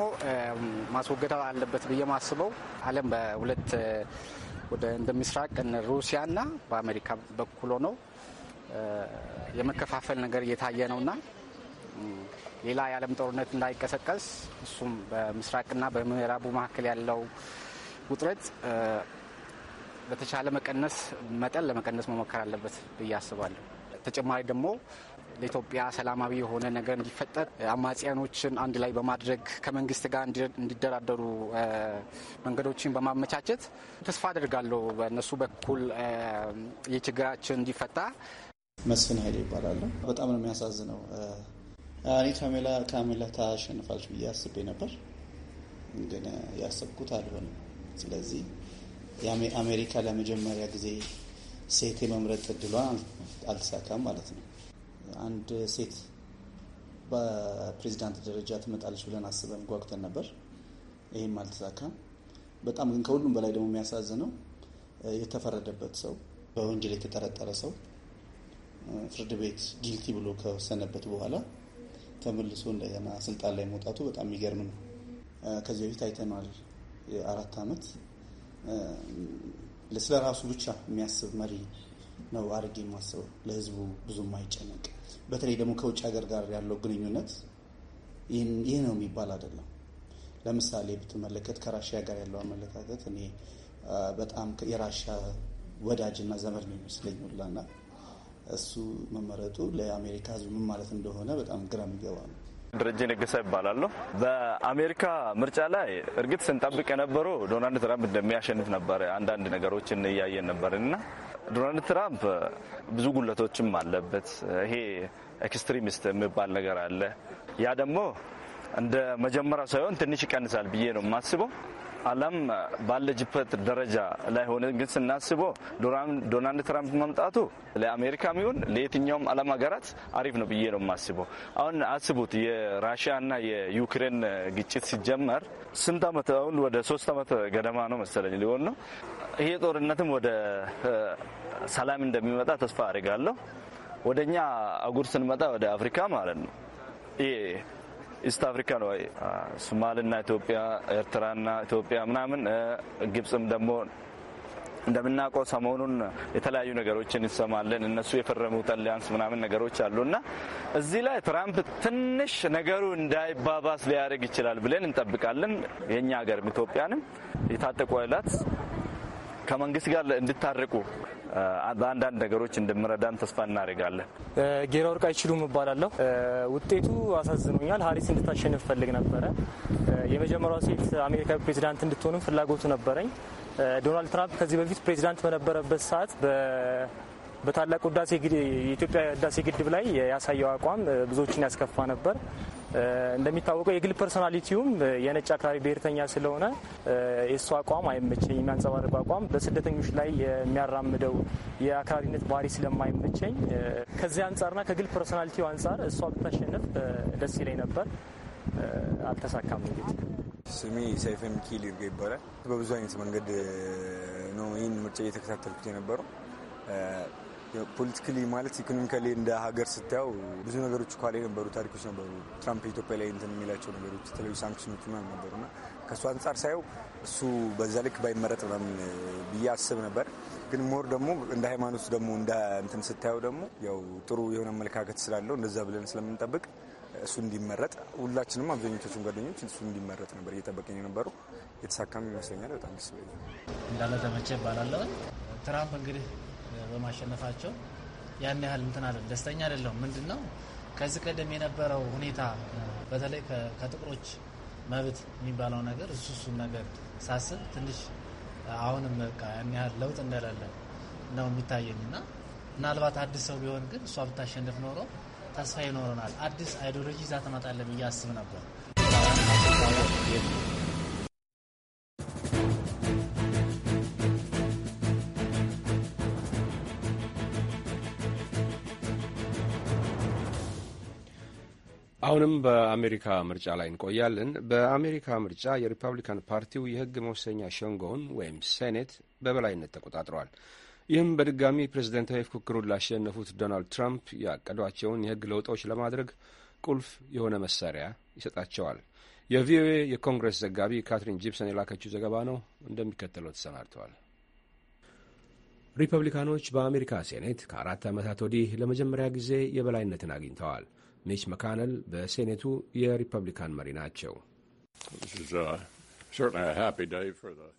ማስወገድ አለበት ብዬ ማስበው ዓለም በሁለት ወደ እንደ ምስራቅ ሩሲያና በአሜሪካ በኩል ሆነው የመከፋፈል ነገር እየታየ ነውና ሌላ የዓለም ጦርነት እንዳይቀሰቀስ እሱም በምስራቅና በምዕራቡ መካከል ያለው ውጥረት በተቻለ መቀነስ መጠን ለመቀነስ መሞከር አለበት ብዬ አስባለሁ። በተጨማሪ ደግሞ ለኢትዮጵያ ሰላማዊ የሆነ ነገር እንዲፈጠር አማጽያኖችን አንድ ላይ በማድረግ ከመንግስት ጋር እንዲደራደሩ መንገዶችን በማመቻቸት ተስፋ አደርጋለሁ በእነሱ በኩል የችግራችን እንዲፈታ። መስፍን ኃይሌ ይባላለሁ። በጣም ነው የሚያሳዝነው። እኔ ካሜላ ካሜላ ታሸንፋለች ብዬ አስቤ ነበር፣ ግን ያሰብኩት አልሆነም። ስለዚህ የአሜሪካ ለመጀመሪያ ጊዜ ሴት የመምረጥ እድሏ አልተሳካም ማለት ነው። አንድ ሴት በፕሬዚዳንት ደረጃ ትመጣለች ብለን አስበን ጓጉተን ነበር። ይህም አልተሳካም። በጣም ግን ከሁሉም በላይ ደግሞ የሚያሳዝነው የተፈረደበት ሰው በወንጀል የተጠረጠረ ሰው ፍርድ ቤት ጊልቲ ብሎ ከወሰነበት በኋላ ተመልሶ እንደገና ስልጣን ላይ መውጣቱ በጣም የሚገርም ነው። ከዚህ በፊት አይተናል። የአራት ዓመት ስለ ራሱ ብቻ የሚያስብ መሪ ነው አድርጌ የማስበው። ለህዝቡ ብዙም አይጨነቅ። በተለይ ደግሞ ከውጭ ሀገር ጋር ያለው ግንኙነት ይህ ነው የሚባል አይደለም። ለምሳሌ ብትመለከት ከራሽያ ጋር ያለው አመለካከት እኔ በጣም የራሽያ ወዳጅና ዘመድ ነው የሚመስለኝ ሁላና እሱ መመረጡ ለአሜሪካ ህዝብ ምን ማለት እንደሆነ በጣም ግራ የሚገባ ነው። ደረጀ ነገሳ ይባላለሁ። በአሜሪካ ምርጫ ላይ እርግጥ ስንጠብቅ የነበረው ዶናልድ ትራምፕ እንደሚያሸንፍ ነበር። አንዳንድ ነገሮችን እያየን ነበር እና ዶናልድ ትራምፕ ብዙ ጉለቶችም አለበት። ይሄ ኤክስትሪሚስት የሚባል ነገር አለ። ያ ደግሞ እንደ መጀመሪያው ሳይሆን ትንሽ ይቀንሳል ብዬ ነው የማስበው። ዓለም ባለጅበት ደረጃ ላይ ሆነ ግን ስናስበው ዶናልድ ትራምፕ መምጣቱ ለአሜሪካም ይሁን ለየትኛውም ዓለም ሀገራት አሪፍ ነው ብዬ ነው የማስበው። አሁን አስቡት የራሽያና የዩክሬን ግጭት ሲጀመር ስንት ዓመት አሁን ወደ ሶስት ዓመት ገደማ ነው መሰለኝ ሊሆን ነው። ይሄ ጦርነትም ወደ ሰላም እንደሚመጣ ተስፋ አድርጋለሁ። ወደ እኛ አጉር ስንመጣ ወደ አፍሪካ ማለት ነው ኢስት አፍሪካ ነው። ሶማልና ኢትዮጵያ፣ ኤርትራና ኢትዮጵያ ምናምን፣ ግብጽም ደግሞ እንደምናውቀው ሰሞኑን የተለያዩ ነገሮችን እንሰማለን። እነሱ የፈረሙት አሊያንስ ምናምን ነገሮች አሉ እና እዚህ ላይ ትራምፕ ትንሽ ነገሩ እንዳይባባስ ሊያደርግ ይችላል ብለን እንጠብቃለን። የእኛ ሀገር ኢትዮጵያንም የታጠቁ ኃይላት ከመንግስት ጋር እንድታርቁ በአንዳንድ ነገሮች እንደምረዳን ተስፋ እናደርጋለን። ጌራ ወርቅ አይችሉም እባላለሁ። ውጤቱ አሳዝኖኛል። ሀሪስ እንድታሸንፍ ፈልግ ነበረ። የመጀመሪያው ሴት አሜሪካዊ ፕሬዚዳንት እንድትሆንም ፍላጎቱ ነበረኝ። ዶናልድ ትራምፕ ከዚህ በፊት ፕሬዚዳንት በነበረበት ሰዓት በታላቁ የኢትዮጵያ ህዳሴ ግድብ ላይ ያሳየው አቋም ብዙዎችን ያስከፋ ነበር። እንደሚታወቀው የግል ፐርሶናሊቲውም የነጭ አክራሪ ብሔርተኛ ስለሆነ የእሱ አቋም አይመቸኝ። የሚያንጸባርቀው አቋም በስደተኞች ላይ የሚያራምደው የአክራሪነት ባህሪ ስለማይመቸኝ ከዚህ አንጻርና ከግል ፐርሶናሊቲው አንጻር እሷ ብታሸንፍ ደስ ይለኝ ነበር። አልተሳካም። እንግዲህ ስሜ ሰይፈን ኪል ይባላል። በብዙ አይነት መንገድ ነው ይህን ምርጫ እየተከታተልኩት የነበረው ፖለቲካሊ ማለት ኢኮኖሚካሊ እንደ ሀገር ስታየው ብዙ ነገሮች ኋላ ነበሩ ታሪኮች ነበሩ። ትራምፕ ኢትዮጵያ ላይ እንትን የሚላቸው ነገሮች የተለያዩ ሳንክሽኖች ምናምን ነበሩ እና ከእሱ አንጻር ሳየው እሱ በዛ ልክ ባይመረጥ ምናምን ብዬ አስብ ነበር። ግን ሞር ደግሞ እንደ ሃይማኖት ደግሞ እንደ እንትን ስታየው ደግሞ ያው ጥሩ የሆነ አመለካከት ስላለው እንደዛ ብለን ስለምንጠብቅ እሱ እንዲመረጥ ሁላችንም አብዛኞቻችን ጓደኞች እሱ እንዲመረጥ ነበር እየጠበቅን የነበረው። የተሳካም ይመስለኛል። በጣም ደስ እንዳለ ተመቼ እባላለሁ። ትራምፕ እንግዲህ በማሸነፋቸው ያን ያህል እንትን አለ ደስተኛ አይደለሁም። ምንድን ነው ከዚህ ቀደም የነበረው ሁኔታ በተለይ ከጥቁሮች መብት የሚባለው ነገር እሱ እሱ ነገር ሳስብ ትንሽ አሁንም በቃ ያን ያህል ለውጥ እንደሌለ ነው የሚታየኝ እና ምናልባት አዲስ ሰው ቢሆን ግን እሷ ብታሸንፍ ኖሮ ተስፋ ይኖረናል። አዲስ አይዲዮሎጂ ይዛ ትመጣለች ብዬ አስብ ነበር። አሁንም በአሜሪካ ምርጫ ላይ እንቆያለን። በአሜሪካ ምርጫ የሪፐብሊካን ፓርቲው የህግ መወሰኛ ሸንጎውን ወይም ሴኔት በበላይነት ተቆጣጥሯል። ይህም በድጋሚ ፕሬዝደንታዊ ፉክክሩን ላሸነፉት ዶናልድ ትራምፕ ያቀዷቸውን የህግ ለውጦች ለማድረግ ቁልፍ የሆነ መሳሪያ ይሰጣቸዋል። የቪኦኤ የኮንግረስ ዘጋቢ ካትሪን ጂፕሰን የላከችው ዘገባ ነው፣ እንደሚከተለው ተሰናድተዋል። ሪፐብሊካኖች በአሜሪካ ሴኔት ከአራት ዓመታት ወዲህ ለመጀመሪያ ጊዜ የበላይነትን አግኝተዋል። ሚች መካነል በሴኔቱ የሪፐብሊካን መሪ ናቸው። uh,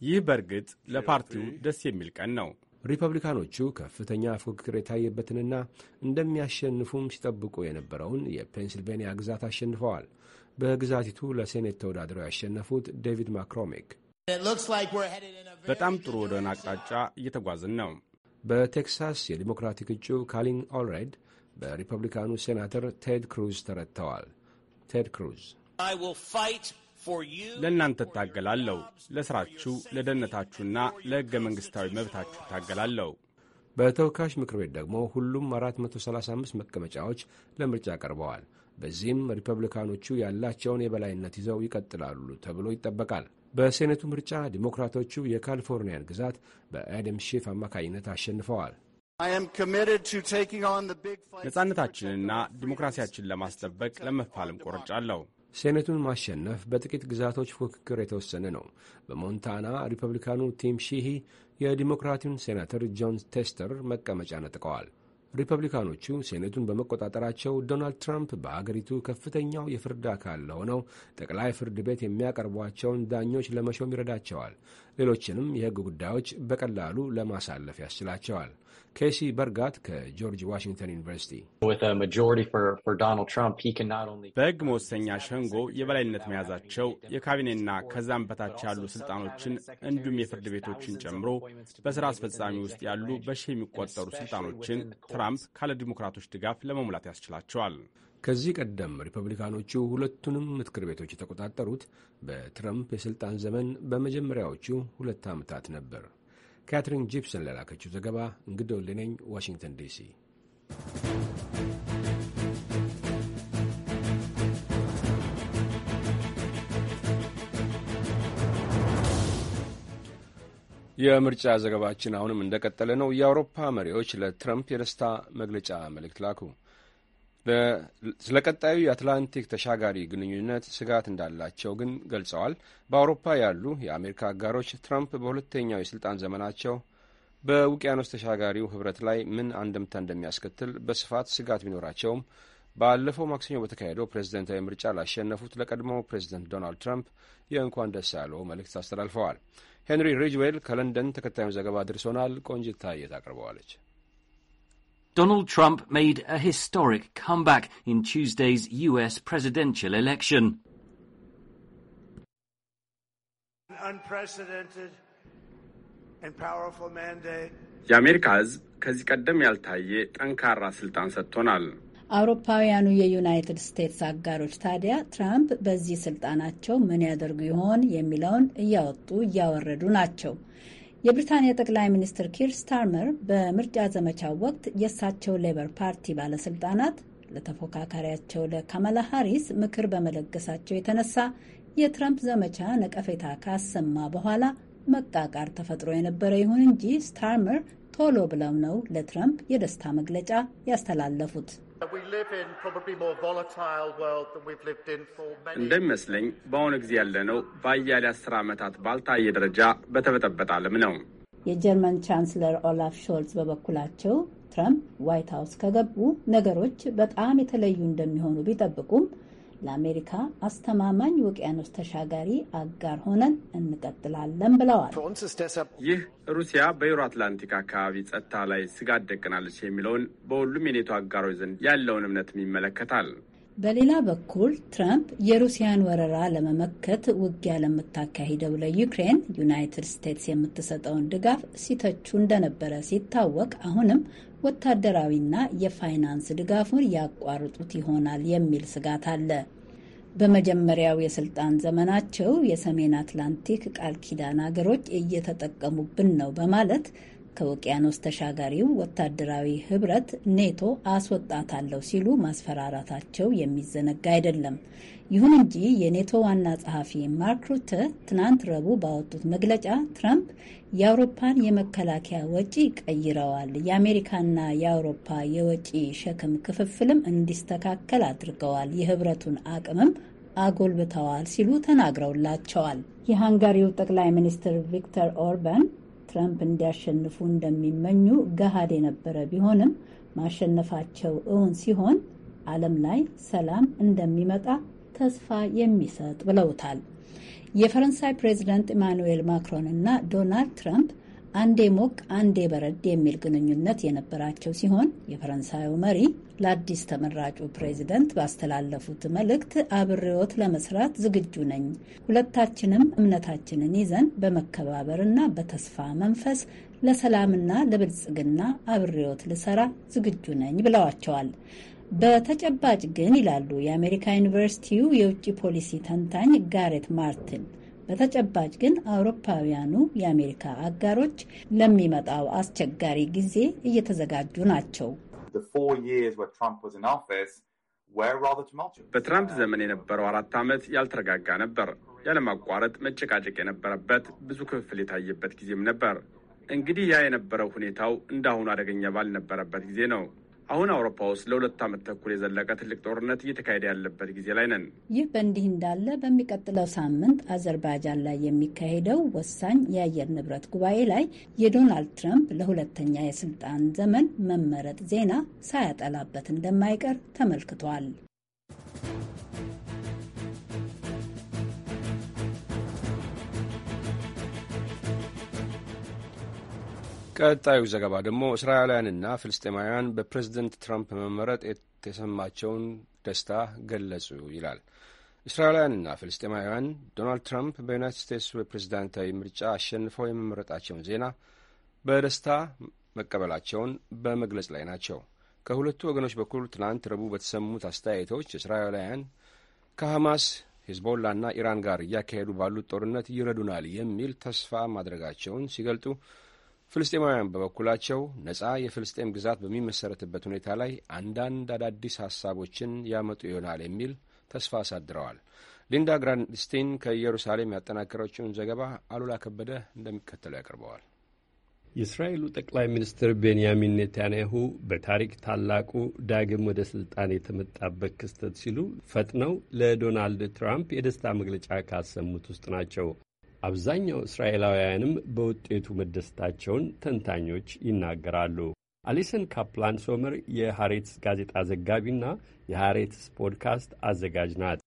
ይህ በእርግጥ ለፓርቲው ደስ የሚል ቀን ነው። ሪፐብሊካኖቹ ከፍተኛ ፉክክር የታየበትንና እንደሚያሸንፉም ሲጠብቁ የነበረውን የፔንስልቬንያ ግዛት አሸንፈዋል። በግዛቲቱ ለሴኔት ተወዳድረው ያሸነፉት ዴቪድ ማክሮሚክ በጣም ጥሩ ወደሆነ አቅጣጫ እየተጓዝን ነው። በቴክሳስ የዲሞክራቲክ እጩ ካሊን ኦልሬድ በሪፐብሊካኑ ሴናተር ቴድ ክሩዝ ተረድተዋል። ቴድ ክሩዝ ለእናንተ እታገላለሁ፣ ለሥራችሁ፣ ለደህንነታችሁና ለሕገ መንግሥታዊ መብታችሁ እታገላለሁ። በተወካዮች ምክር ቤት ደግሞ ሁሉም 435 መቀመጫዎች ለምርጫ ቀርበዋል። በዚህም ሪፐብሊካኖቹ ያላቸውን የበላይነት ይዘው ይቀጥላሉ ተብሎ ይጠበቃል። በሴኔቱ ምርጫ ዲሞክራቶቹ የካሊፎርኒያን ግዛት በአደም ሼፍ አማካኝነት አሸንፈዋል። ነጻነታችንና ዲሞክራሲያችን ለማስጠበቅ ለመፋለም ቆርጫለሁ። ሴኔቱን ማሸነፍ በጥቂት ግዛቶች ፉክክር የተወሰነ ነው። በሞንታና ሪፐብሊካኑ ቲም ሺሂ የዲሞክራቱን ሴናተር ጆን ቴስተር መቀመጫ ነጥቀዋል። ሪፐብሊካኖቹ ሴኔቱን በመቆጣጠራቸው ዶናልድ ትራምፕ በአገሪቱ ከፍተኛው የፍርድ አካል ለሆነው ጠቅላይ ፍርድ ቤት የሚያቀርቧቸውን ዳኞች ለመሾም ይረዳቸዋል። ሌሎችንም የህግ ጉዳዮች በቀላሉ ለማሳለፍ ያስችላቸዋል። ኬሲ በርጋት ከጆርጅ ዋሽንግተን ዩኒቨርሲቲ በህግ መወሰኛ ሸንጎ የበላይነት መያዛቸው የካቢኔና ከዛም በታች ያሉ ስልጣኖችን እንዲሁም የፍርድ ቤቶችን ጨምሮ በስራ አስፈጻሚ ውስጥ ያሉ በሺህ የሚቆጠሩ ስልጣኖችን ትራምፕ ካለ ዲሞክራቶች ድጋፍ ለመሙላት ያስችላቸዋል። ከዚህ ቀደም ሪፐብሊካኖቹ ሁለቱንም ምክር ቤቶች የተቆጣጠሩት በትረምፕ የሥልጣን ዘመን በመጀመሪያዎቹ ሁለት ዓመታት ነበር። ካትሪን ጂፕሰን ለላከችው ዘገባ እንግዶ ልነኝ ዋሽንግተን ዲሲ። የምርጫ ዘገባችን አሁንም እንደቀጠለ ነው። የአውሮፓ መሪዎች ለትረምፕ የደስታ መግለጫ መልእክት ላኩ። ስለ ቀጣዩ የአትላንቲክ ተሻጋሪ ግንኙነት ስጋት እንዳላቸው ግን ገልጸዋል። በአውሮፓ ያሉ የአሜሪካ አጋሮች ትራምፕ በሁለተኛው የስልጣን ዘመናቸው በውቅያኖስ ተሻጋሪው ህብረት ላይ ምን አንድምታ እንደሚያስከትል በስፋት ስጋት ቢኖራቸውም ባለፈው ማክሰኞ በተካሄደው ፕሬዝደንታዊ ምርጫ ላሸነፉት ለቀድሞው ፕሬዝደንት ዶናልድ ትራምፕ የእንኳን ደስ ያለው መልእክት አስተላልፈዋል። ሄንሪ ሪጅዌል ከለንደን ተከታዩን ዘገባ አድርሶናል። ቆንጅታ የት አቅርበዋለች። Donald Trump made a historic comeback in Tuesday's U.S. presidential election. An unprecedented and powerful mandate. የአሜሪካ ሕዝብ ከዚህ ቀደም ያልታየ ጠንካራ ስልጣን ሰጥቶናል። አውሮፓውያኑ የዩናይትድ ስቴትስ አጋሮች ታዲያ ትራምፕ በዚህ ስልጣናቸው ምን ያደርጉ ይሆን የሚለውን እያወጡ እያወረዱ ናቸው። የብሪታንያ ጠቅላይ ሚኒስትር ኪር ስታርመር በምርጫ ዘመቻው ወቅት የእሳቸው ሌበር ፓርቲ ባለስልጣናት ለተፎካካሪያቸው ለካማላ ሃሪስ ምክር በመለገሳቸው የተነሳ የትረምፕ ዘመቻ ነቀፌታ ካሰማ በኋላ መቃቃር ተፈጥሮ የነበረ ይሁን እንጂ ስታርመር ቶሎ ብለው ነው ለትረምፕ የደስታ መግለጫ ያስተላለፉት። እንደሚመስለኝ በአሁኑ ጊዜ ያለነው በአያሌ አስር ዓመታት ባልታየ ደረጃ በተበጠበጠ ዓለም ነው። የጀርመን ቻንስለር ኦላፍ ሾልዝ በበኩላቸው ትራምፕ ዋይት ሀውስ ከገቡ ነገሮች በጣም የተለዩ እንደሚሆኑ ቢጠብቁም ለአሜሪካ አስተማማኝ ውቅያኖስ ተሻጋሪ አጋር ሆነን እንቀጥላለን ብለዋል። ይህ ሩሲያ በዩሮ አትላንቲክ አካባቢ ጸጥታ ላይ ስጋት ደቅናለች የሚለውን በሁሉም የኔቶ አጋሮች ዘንድ ያለውን እምነት ይመለከታል። በሌላ በኩል ትራምፕ የሩሲያን ወረራ ለመመከት ውጊያ ለምታካሂደው ለዩክሬን ዩናይትድ ስቴትስ የምትሰጠውን ድጋፍ ሲተቹ እንደነበረ ሲታወቅ አሁንም ወታደራዊና የፋይናንስ ድጋፉን ያቋርጡት ይሆናል የሚል ስጋት አለ። በመጀመሪያው የስልጣን ዘመናቸው የሰሜን አትላንቲክ ቃል ኪዳን አገሮች እየተጠቀሙብን ነው በማለት ከውቅያኖስ ተሻጋሪው ወታደራዊ ህብረት ኔቶ አስወጣታለሁ ሲሉ ማስፈራራታቸው የሚዘነጋ አይደለም። ይሁን እንጂ የኔቶ ዋና ጸሐፊ ማርክ ሩተ ትናንት ረቡዕ ባወጡት መግለጫ ትራምፕ የአውሮፓን የመከላከያ ወጪ ቀይረዋል፣ የአሜሪካና የአውሮፓ የወጪ ሸክም ክፍፍልም እንዲስተካከል አድርገዋል፣ የህብረቱን አቅምም አጎልብተዋል ሲሉ ተናግረውላቸዋል። የሃንጋሪው ጠቅላይ ሚኒስትር ቪክተር ኦርባን ትራምፕ እንዲያሸንፉ እንደሚመኙ ገሃድ የነበረ ቢሆንም ማሸነፋቸው እውን ሲሆን ዓለም ላይ ሰላም እንደሚመጣ ተስፋ የሚሰጥ ብለውታል። የፈረንሳይ ፕሬዚዳንት ኢማኑኤል ማክሮን እና ዶናልድ ትራምፕ አንዴ ሞቅ አንዴ በረድ የሚል ግንኙነት የነበራቸው ሲሆን የፈረንሳዩ መሪ ለአዲስ ተመራጩ ፕሬዚደንት ባስተላለፉት መልእክት አብሬዎት ለመስራት ዝግጁ ነኝ፣ ሁለታችንም እምነታችንን ይዘን በመከባበርና በተስፋ መንፈስ ለሰላምና ለብልጽግና አብሬዎት ልሰራ ዝግጁ ነኝ ብለዋቸዋል። በተጨባጭ ግን ይላሉ የአሜሪካ ዩኒቨርሲቲው የውጭ ፖሊሲ ተንታኝ ጋሬት ማርቲን በተጨባጭ ግን አውሮፓውያኑ የአሜሪካ አጋሮች ለሚመጣው አስቸጋሪ ጊዜ እየተዘጋጁ ናቸው። በትራምፕ ዘመን የነበረው አራት ዓመት ያልተረጋጋ ነበር። ያለማቋረጥ መጨቃጨቅ የነበረበት ብዙ ክፍፍል የታየበት ጊዜም ነበር። እንግዲህ ያ የነበረው ሁኔታው አሁኑ አደገኛ ባልነበረበት ጊዜ ነው። አሁን አውሮፓ ውስጥ ለሁለት ዓመት ተኩል የዘለቀ ትልቅ ጦርነት እየተካሄደ ያለበት ጊዜ ላይ ነን። ይህ በእንዲህ እንዳለ በሚቀጥለው ሳምንት አዘርባጃን ላይ የሚካሄደው ወሳኝ የአየር ንብረት ጉባኤ ላይ የዶናልድ ትራምፕ ለሁለተኛ የስልጣን ዘመን መመረጥ ዜና ሳያጠላበት እንደማይቀር ተመልክቷል። ቀጣዩ ዘገባ ደግሞ እስራኤላውያንና ፍልስጤማውያን በፕሬዝደንት ትራምፕ መመረጥ የተሰማቸውን ደስታ ገለጹ ይላል። እስራኤላውያንና ፍልስጤማውያን ዶናልድ ትራምፕ በዩናይትድ ስቴትስ ፕሬዝዳንታዊ ምርጫ አሸንፈው የመመረጣቸውን ዜና በደስታ መቀበላቸውን በመግለጽ ላይ ናቸው። ከሁለቱ ወገኖች በኩል ትናንት ረቡዕ በተሰሙት አስተያየቶች እስራኤላውያን ከሐማስ ሂዝቦላና ኢራን ጋር እያካሄዱ ባሉት ጦርነት ይረዱናል የሚል ተስፋ ማድረጋቸውን ሲገልጡ ፍልስጤማውያን በበኩላቸው ነጻ የፍልስጤም ግዛት በሚመሰረትበት ሁኔታ ላይ አንዳንድ አዳዲስ ሀሳቦችን ያመጡ ይሆናል የሚል ተስፋ አሳድረዋል። ሊንዳ ግራንድስቲን ከኢየሩሳሌም ያጠናከረችውን ዘገባ አሉላ ከበደ እንደሚከተለው ያቀርበዋል። የእስራኤሉ ጠቅላይ ሚኒስትር ቤንያሚን ኔታንያሁ በታሪክ ታላቁ ዳግም ወደ ስልጣን የተመጣበት ክስተት ሲሉ ፈጥነው ለዶናልድ ትራምፕ የደስታ መግለጫ ካሰሙት ውስጥ ናቸው። አብዛኛው እስራኤላውያንም በውጤቱ መደሰታቸውን ተንታኞች ይናገራሉ። አሊሰን ካፕላን ሶመር የሐሬትስ ጋዜጣ ዘጋቢና የሐሬትስ ፖድካስት አዘጋጅ ናት።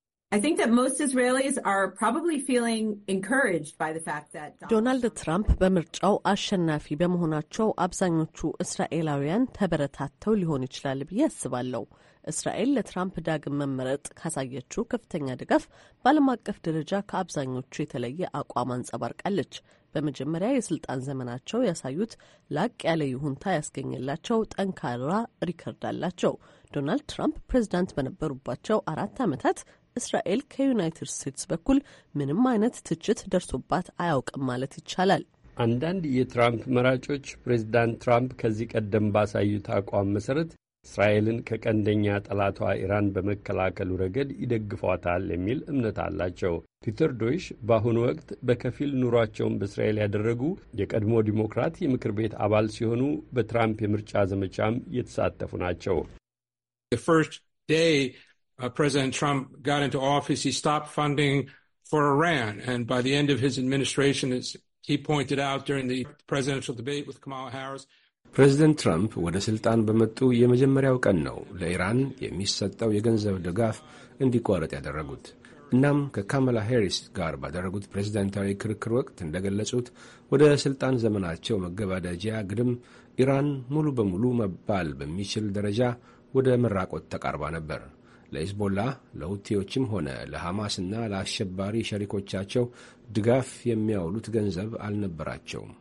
ዶናልድ ትራምፕ በምርጫው አሸናፊ በመሆናቸው አብዛኞቹ እስራኤላውያን ተበረታተው ሊሆን ይችላል ብዬ አስባለሁ። እስራኤል ለትራምፕ ዳግም መመረጥ ካሳየችው ከፍተኛ ድጋፍ በዓለም አቀፍ ደረጃ ከአብዛኞቹ የተለየ አቋም አንጸባርቃለች። በመጀመሪያ የስልጣን ዘመናቸው ያሳዩት ላቅ ያለ ይሁንታ ያስገኘላቸው ጠንካራ ሪከርድ አላቸው። ዶናልድ ትራምፕ ፕሬዚዳንት በነበሩባቸው አራት ዓመታት እስራኤል ከዩናይትድ ስቴትስ በኩል ምንም አይነት ትችት ደርሶባት አያውቅም ማለት ይቻላል። አንዳንድ የትራምፕ መራጮች ፕሬዚዳንት ትራምፕ ከዚህ ቀደም ባሳዩት አቋም መሰረት እስራኤልን ከቀንደኛ ጠላቷ ኢራን በመከላከሉ ረገድ ይደግፏታል የሚል እምነት አላቸው። ፒተር ዶይሽ በአሁኑ ወቅት በከፊል ኑሯቸውን በእስራኤል ያደረጉ የቀድሞ ዲሞክራት የምክር ቤት አባል ሲሆኑ በትራምፕ የምርጫ ዘመቻም የተሳተፉ ናቸው። ፕሬዚደንት ትራምፕ uh, got into office, he stopped funding for Iran. And by the end of his administration, as he pointed out during the presidential debate with Kamala Harris, ፕሬዚደንት ትራምፕ ወደ ሥልጣን በመጡ የመጀመሪያው ቀን ነው ለኢራን የሚሰጠው የገንዘብ ድጋፍ እንዲቋረጥ ያደረጉት። እናም ከካማላ ሄሪስ ጋር ባደረጉት ፕሬዚደንታዊ ክርክር ወቅት እንደገለጹት ወደ ሥልጣን ዘመናቸው መገባደጃ ግድም ኢራን ሙሉ በሙሉ መባል በሚችል ደረጃ ወደ መራቆት ተቃርባ ነበር። ለሂዝቦላ ለሁቴዎችም ሆነ ለሐማስና ለአሸባሪ ሸሪኮቻቸው ድጋፍ የሚያውሉት ገንዘብ አልነበራቸውም።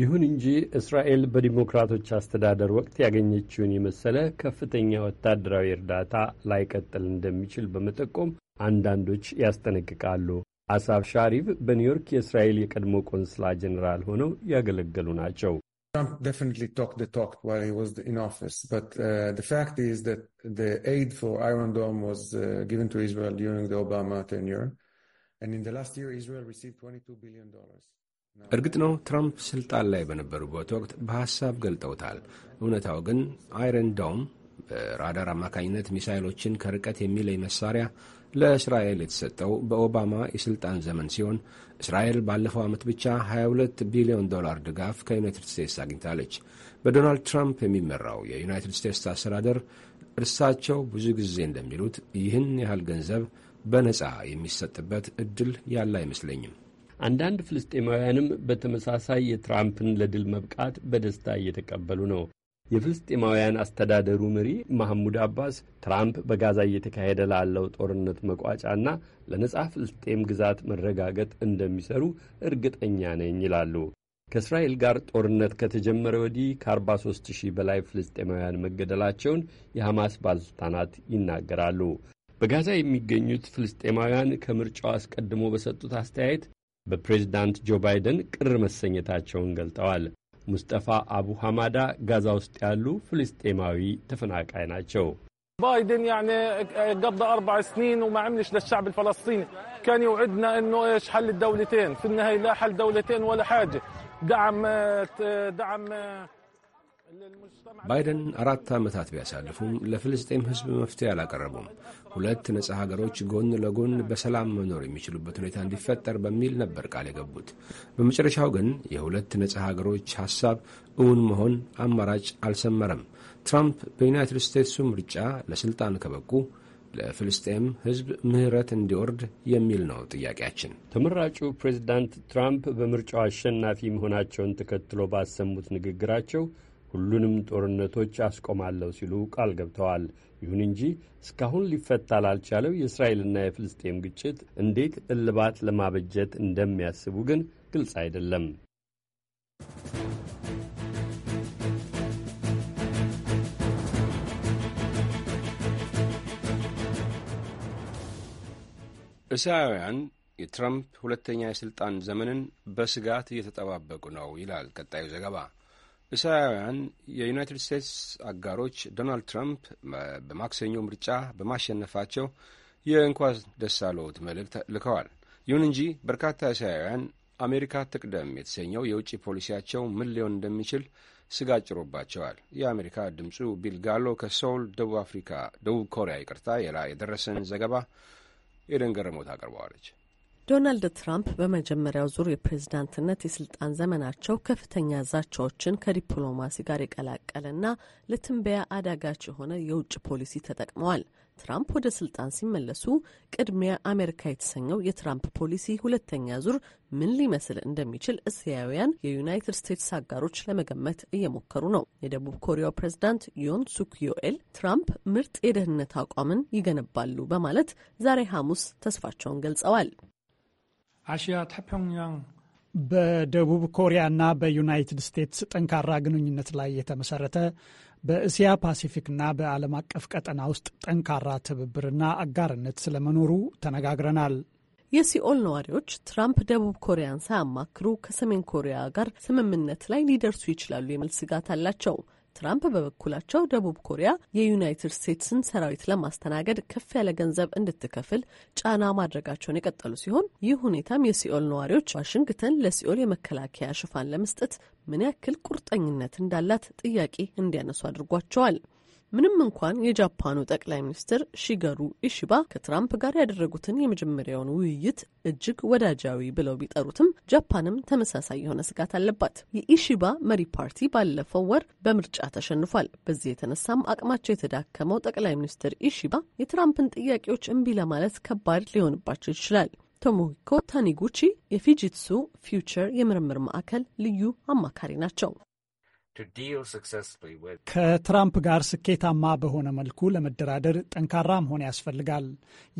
ይሁን እንጂ እስራኤል በዲሞክራቶች አስተዳደር ወቅት ያገኘችውን የመሰለ ከፍተኛ ወታደራዊ እርዳታ ላይቀጥል እንደሚችል በመጠቆም አንዳንዶች ያስጠነቅቃሉ። አሳፍ ሻሪቭ በኒውዮርክ የእስራኤል የቀድሞ ቆንስላ ጀኔራል ሆነው ያገለገሉ ናቸው። እርግጥ ነው ትራምፕ ስልጣን ላይ በነበሩበት ወቅት በሐሳብ ገልጠውታል። እውነታው ግን አይረን ዶም በራዳር አማካኝነት ሚሳይሎችን ከርቀት የሚለይ መሳሪያ ለእስራኤል የተሰጠው በኦባማ የሥልጣን ዘመን ሲሆን እስራኤል ባለፈው ዓመት ብቻ 22 ቢሊዮን ዶላር ድጋፍ ከዩናይትድ ስቴትስ አግኝታለች። በዶናልድ ትራምፕ የሚመራው የዩናይትድ ስቴትስ አስተዳደር እርሳቸው ብዙ ጊዜ እንደሚሉት ይህን ያህል ገንዘብ በነጻ የሚሰጥበት እድል ያለ አይመስለኝም። አንዳንድ ፍልስጤማውያንም በተመሳሳይ የትራምፕን ለድል መብቃት በደስታ እየተቀበሉ ነው። የፍልስጤማውያን አስተዳደሩ መሪ ማህሙድ አባስ ትራምፕ በጋዛ እየተካሄደ ላለው ጦርነት መቋጫና ለነጻ ፍልስጤም ግዛት መረጋገጥ እንደሚሰሩ እርግጠኛ ነኝ ይላሉ። ከእስራኤል ጋር ጦርነት ከተጀመረ ወዲህ ከ43 ሺህ በላይ ፍልስጤማውያን መገደላቸውን የሐማስ ባለሥልጣናት ይናገራሉ። በጋዛ የሚገኙት ፍልስጤማውያን ከምርጫው አስቀድሞ በሰጡት አስተያየት በፕሬዚዳንት ጆ ባይደን ቅር መሰኘታቸውን ገልጠዋል። ሙስጠፋ አቡ ሐማዳ ጋዛ ውስጥ ያሉ ፍልስጤማዊ ተፈናቃይ ናቸው። بايدن يعني قضى أربع سنين وما عملش للشعب الفلسطيني كان يوعدنا إنه إيش حل الدولتين في النهاية لا حل دولتين ولا حاجة دعم دعم ባይደን አራት ዓመታት ቢያሳልፉም ለፍልስጤም ሕዝብ መፍትሄ አላቀረቡም። ሁለት ነጻ ሀገሮች ጎን ለጎን በሰላም መኖር የሚችሉበት ሁኔታ እንዲፈጠር በሚል ነበር ቃል የገቡት። በመጨረሻው ግን የሁለት ነጻ ሀገሮች ሐሳብ እውን መሆን አማራጭ አልሰመረም። ትራምፕ በዩናይትድ ስቴትሱ ምርጫ ለሥልጣን ከበቁ ለፍልስጤም ሕዝብ ምህረት እንዲወርድ የሚል ነው ጥያቄያችን። ተመራጩ ፕሬዚዳንት ትራምፕ በምርጫው አሸናፊ መሆናቸውን ተከትሎ ባሰሙት ንግግራቸው ሁሉንም ጦርነቶች አስቆማለሁ ሲሉ ቃል ገብተዋል። ይሁን እንጂ እስካሁን ሊፈታ ላልቻለው የእስራኤልና የፍልስጤም ግጭት እንዴት እልባት ለማበጀት እንደሚያስቡ ግን ግልጽ አይደለም። እስራውያን የትራምፕ ሁለተኛ የሥልጣን ዘመንን በስጋት እየተጠባበቁ ነው ይላል ቀጣዩ ዘገባ። እስራኤላውያን የዩናይትድ ስቴትስ አጋሮች ዶናልድ ትራምፕ በማክሰኞ ምርጫ በማሸነፋቸው የእንኳን ደስ አለዎት መልእክት ልከዋል። ይሁን እንጂ በርካታ እስራኤላውያን አሜሪካ ትቅደም የተሰኘው የውጭ ፖሊሲያቸው ምን ሊሆን እንደሚችል ስጋት ጭሮባቸዋል። የአሜሪካ ድምጹ ቢል ጋሎ ከሶውል ደቡብ አፍሪካ ደቡብ ኮሪያ ይቅርታ የደረሰን ዘገባ የደንገረሞት አቅርበዋለች። ዶናልድ ትራምፕ በመጀመሪያው ዙር የፕሬዝዳንትነት የስልጣን ዘመናቸው ከፍተኛ ዛቻዎችን ከዲፕሎማሲ ጋር የቀላቀለና ለትንበያ አዳጋች የሆነ የውጭ ፖሊሲ ተጠቅመዋል። ትራምፕ ወደ ስልጣን ሲመለሱ ቅድሚያ አሜሪካ የተሰኘው የትራምፕ ፖሊሲ ሁለተኛ ዙር ምን ሊመስል እንደሚችል እስያውያን የዩናይትድ ስቴትስ አጋሮች ለመገመት እየሞከሩ ነው። የደቡብ ኮሪያው ፕሬዝዳንት ዮን ሱክዮኤል ትራምፕ ምርጥ የደህንነት አቋምን ይገነባሉ በማለት ዛሬ ሐሙስ ተስፋቸውን ገልጸዋል። አሽያ ታፒዮንያንግ በደቡብ ኮሪያና በዩናይትድ ስቴትስ ጠንካራ ግንኙነት ላይ የተመሰረተ በእስያ ፓሲፊክና በዓለም አቀፍ ቀጠና ውስጥ ጠንካራ ትብብርና አጋርነት ስለመኖሩ ተነጋግረናል። የሲኦል ነዋሪዎች ትራምፕ ደቡብ ኮሪያን ሳያማክሩ ከሰሜን ኮሪያ ጋር ስምምነት ላይ ሊደርሱ ይችላሉ የሚል ስጋት አላቸው። ትራምፕ በበኩላቸው ደቡብ ኮሪያ የዩናይትድ ስቴትስን ሰራዊት ለማስተናገድ ከፍ ያለ ገንዘብ እንድትከፍል ጫና ማድረጋቸውን የቀጠሉ ሲሆን ይህ ሁኔታም የሲኦል ነዋሪዎች ዋሽንግተን ለሲኦል የመከላከያ ሽፋን ለመስጠት ምን ያክል ቁርጠኝነት እንዳላት ጥያቄ እንዲያነሱ አድርጓቸዋል። ምንም እንኳን የጃፓኑ ጠቅላይ ሚኒስትር ሺገሩ ኢሺባ ከትራምፕ ጋር ያደረጉትን የመጀመሪያውን ውይይት እጅግ ወዳጃዊ ብለው ቢጠሩትም ጃፓንም ተመሳሳይ የሆነ ስጋት አለባት። የኢሺባ መሪ ፓርቲ ባለፈው ወር በምርጫ ተሸንፏል። በዚህ የተነሳም አቅማቸው የተዳከመው ጠቅላይ ሚኒስትር ኢሺባ የትራምፕን ጥያቄዎች እምቢ ለማለት ከባድ ሊሆንባቸው ይችላል። ቶሞሂኮ ታኒጉቺ የፊጂትሱ ፊውቸር የምርምር ማዕከል ልዩ አማካሪ ናቸው። ከትራምፕ ጋር ስኬታማ በሆነ መልኩ ለመደራደር ጠንካራ መሆን ያስፈልጋል።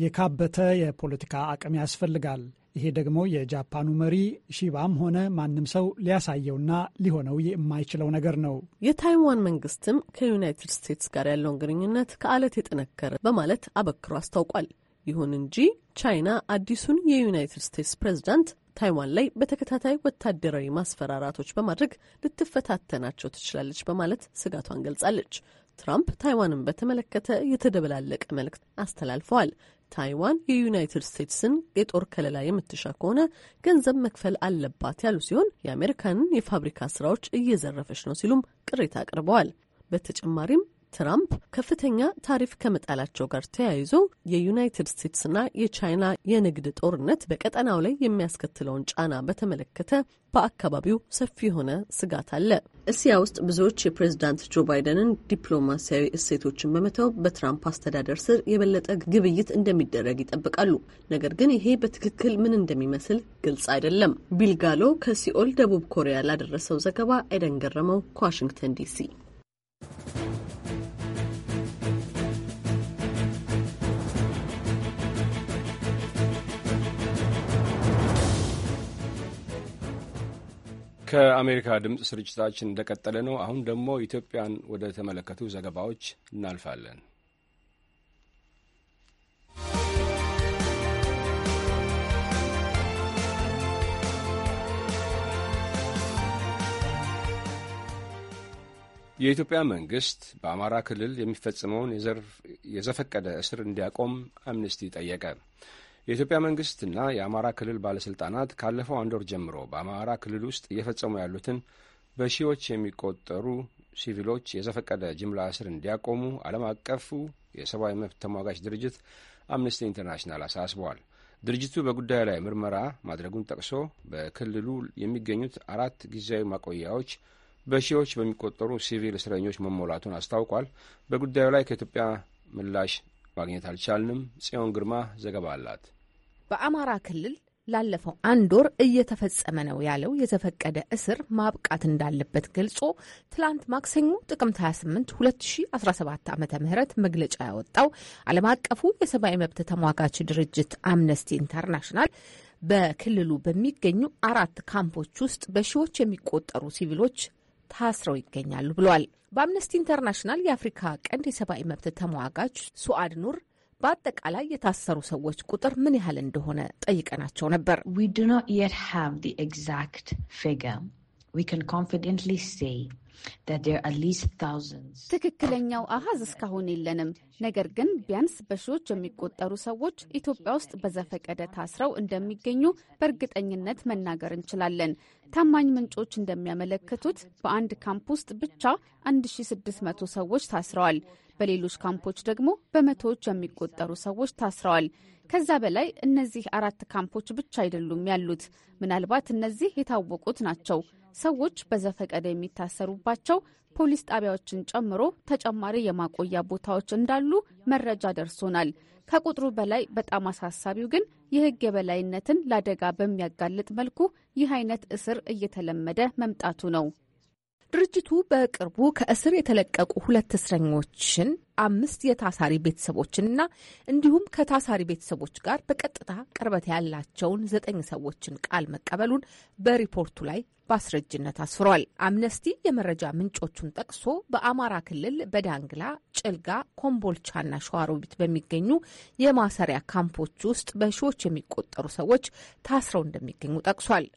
የካበተ የፖለቲካ አቅም ያስፈልጋል። ይሄ ደግሞ የጃፓኑ መሪ ሺባም ሆነ ማንም ሰው ሊያሳየውና ሊሆነው የማይችለው ነገር ነው። የታይዋን መንግስትም ከዩናይትድ ስቴትስ ጋር ያለውን ግንኙነት ከአለት የጠነከረ በማለት አበክሮ አስታውቋል። ይሁን እንጂ ቻይና አዲሱን የዩናይትድ ስቴትስ ፕሬዝዳንት ታይዋን ላይ በተከታታይ ወታደራዊ ማስፈራራቶች በማድረግ ልትፈታተናቸው ትችላለች በማለት ስጋቷን ገልጻለች። ትራምፕ ታይዋንን በተመለከተ የተደበላለቀ መልእክት አስተላልፈዋል። ታይዋን የዩናይትድ ስቴትስን የጦር ከለላ የምትሻ ከሆነ ገንዘብ መክፈል አለባት ያሉ ሲሆን የአሜሪካንን የፋብሪካ ስራዎች እየዘረፈች ነው ሲሉም ቅሬታ አቅርበዋል። በተጨማሪም ትራምፕ ከፍተኛ ታሪፍ ከመጣላቸው ጋር ተያይዞ የዩናይትድ ስቴትስና የቻይና የንግድ ጦርነት በቀጠናው ላይ የሚያስከትለውን ጫና በተመለከተ በአካባቢው ሰፊ የሆነ ስጋት አለ። እስያ ውስጥ ብዙዎች የፕሬዝዳንት ጆ ባይደንን ዲፕሎማሲያዊ እሴቶችን በመተው በትራምፕ አስተዳደር ስር የበለጠ ግብይት እንደሚደረግ ይጠብቃሉ። ነገር ግን ይሄ በትክክል ምን እንደሚመስል ግልጽ አይደለም። ቢልጋሎ ከሲኦል ደቡብ ኮሪያ ላደረሰው ዘገባ አይደን ገረመው ከዋሽንግተን ዲሲ ከአሜሪካ ድምፅ ስርጭታችን እንደቀጠለ ነው። አሁን ደግሞ ኢትዮጵያን ወደ ተመለከቱ ዘገባዎች እናልፋለን። የኢትዮጵያ መንግስት በአማራ ክልል የሚፈጽመውን የዘፈቀደ እስር እንዲያቆም አምነስቲ ጠየቀ። የኢትዮጵያ መንግስትና የአማራ ክልል ባለሥልጣናት ካለፈው አንድ ወር ጀምሮ በአማራ ክልል ውስጥ እየፈጸሙ ያሉትን በሺዎች የሚቆጠሩ ሲቪሎች የዘፈቀደ ጅምላ እስር እንዲያቆሙ ዓለም አቀፉ የሰብአዊ መብት ተሟጋች ድርጅት አምነስቲ ኢንተርናሽናል አሳስበዋል። ድርጅቱ በጉዳዩ ላይ ምርመራ ማድረጉን ጠቅሶ በክልሉ የሚገኙት አራት ጊዜያዊ ማቆያዎች በሺዎች በሚቆጠሩ ሲቪል እስረኞች መሞላቱን አስታውቋል። በጉዳዩ ላይ ከኢትዮጵያ ምላሽ ማግኘት አልቻልንም። ጽዮን ግርማ ዘገባ አላት። በአማራ ክልል ላለፈው አንድ ወር እየተፈጸመ ነው ያለው የዘፈቀደ እስር ማብቃት እንዳለበት ገልጾ ትላንት ማክሰኞ ጥቅምት 28 2017 ዓ ም መግለጫ ያወጣው ዓለም አቀፉ የሰብአዊ መብት ተሟጋች ድርጅት አምነስቲ ኢንተርናሽናል በክልሉ በሚገኙ አራት ካምፖች ውስጥ በሺዎች የሚቆጠሩ ሲቪሎች ታስረው ይገኛሉ ብሏል። በአምነስቲ ኢንተርናሽናል የአፍሪካ ቀንድ የሰብአዊ መብት ተሟጋች ሱአድ ኑር በአጠቃላይ የታሰሩ ሰዎች ቁጥር ምን ያህል እንደሆነ ጠይቀናቸው ነበር። We do not yet have the exact figure. We can confidently say ትክክለኛው አሃዝ እስካሁን የለንም። ነገር ግን ቢያንስ በሺዎች የሚቆጠሩ ሰዎች ኢትዮጵያ ውስጥ በዘፈቀደ ታስረው እንደሚገኙ በእርግጠኝነት መናገር እንችላለን። ታማኝ ምንጮች እንደሚያመለክቱት በአንድ ካምፕ ውስጥ ብቻ 1600 ሰዎች ታስረዋል። በሌሎች ካምፖች ደግሞ በመቶዎች የሚቆጠሩ ሰዎች ታስረዋል። ከዛ በላይ እነዚህ አራት ካምፖች ብቻ አይደሉም ያሉት፣ ምናልባት እነዚህ የታወቁት ናቸው። ሰዎች በዘፈቀደ የሚታሰሩባቸው ፖሊስ ጣቢያዎችን ጨምሮ ተጨማሪ የማቆያ ቦታዎች እንዳሉ መረጃ ደርሶናል። ከቁጥሩ በላይ በጣም አሳሳቢው ግን የሕግ የበላይነትን ለአደጋ በሚያጋልጥ መልኩ ይህ አይነት እስር እየተለመደ መምጣቱ ነው። ድርጅቱ በቅርቡ ከእስር የተለቀቁ ሁለት እስረኞችን፣ አምስት የታሳሪ ቤተሰቦችንና እንዲሁም ከታሳሪ ቤተሰቦች ጋር በቀጥታ ቅርበት ያላቸውን ዘጠኝ ሰዎችን ቃል መቀበሉን በሪፖርቱ ላይ በአስረጅነት አስፍሯል። አምነስቲ የመረጃ ምንጮቹን ጠቅሶ በአማራ ክልል በዳንግላ፣ ጭልጋ፣ ኮምቦልቻና ሸዋሮቢት በሚገኙ የማሰሪያ ካምፖች ውስጥ በሺዎች የሚቆጠሩ ሰዎች ታስረው እንደሚገኙ ጠቅሷል።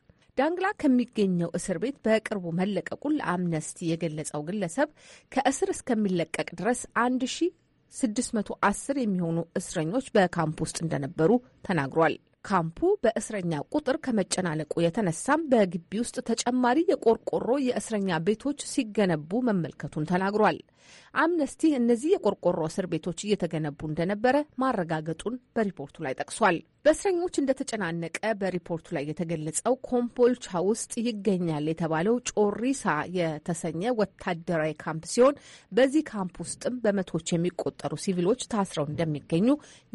ዳንግላ ከሚገኘው እስር ቤት በቅርቡ መለቀቁን ለአምነስቲ የገለጸው ግለሰብ ከእስር እስከሚለቀቅ ድረስ 610 የሚሆኑ እስረኞች በካምፕ ውስጥ እንደነበሩ ተናግሯል። ካምፑ በእስረኛ ቁጥር ከመጨናነቁ የተነሳም በግቢ ውስጥ ተጨማሪ የቆርቆሮ የእስረኛ ቤቶች ሲገነቡ መመልከቱን ተናግሯል። አምነስቲ እነዚህ የቆርቆሮ እስር ቤቶች እየተገነቡ እንደነበረ ማረጋገጡን በሪፖርቱ ላይ ጠቅሷል። በእስረኞች እንደተጨናነቀ በሪፖርቱ ላይ የተገለጸው ኮምቦልቻ ውስጥ ይገኛል የተባለው ጮሪሳ የተሰኘ ወታደራዊ ካምፕ ሲሆን በዚህ ካምፕ ውስጥም በመቶዎች የሚቆጠሩ ሲቪሎች ታስረው እንደሚገኙ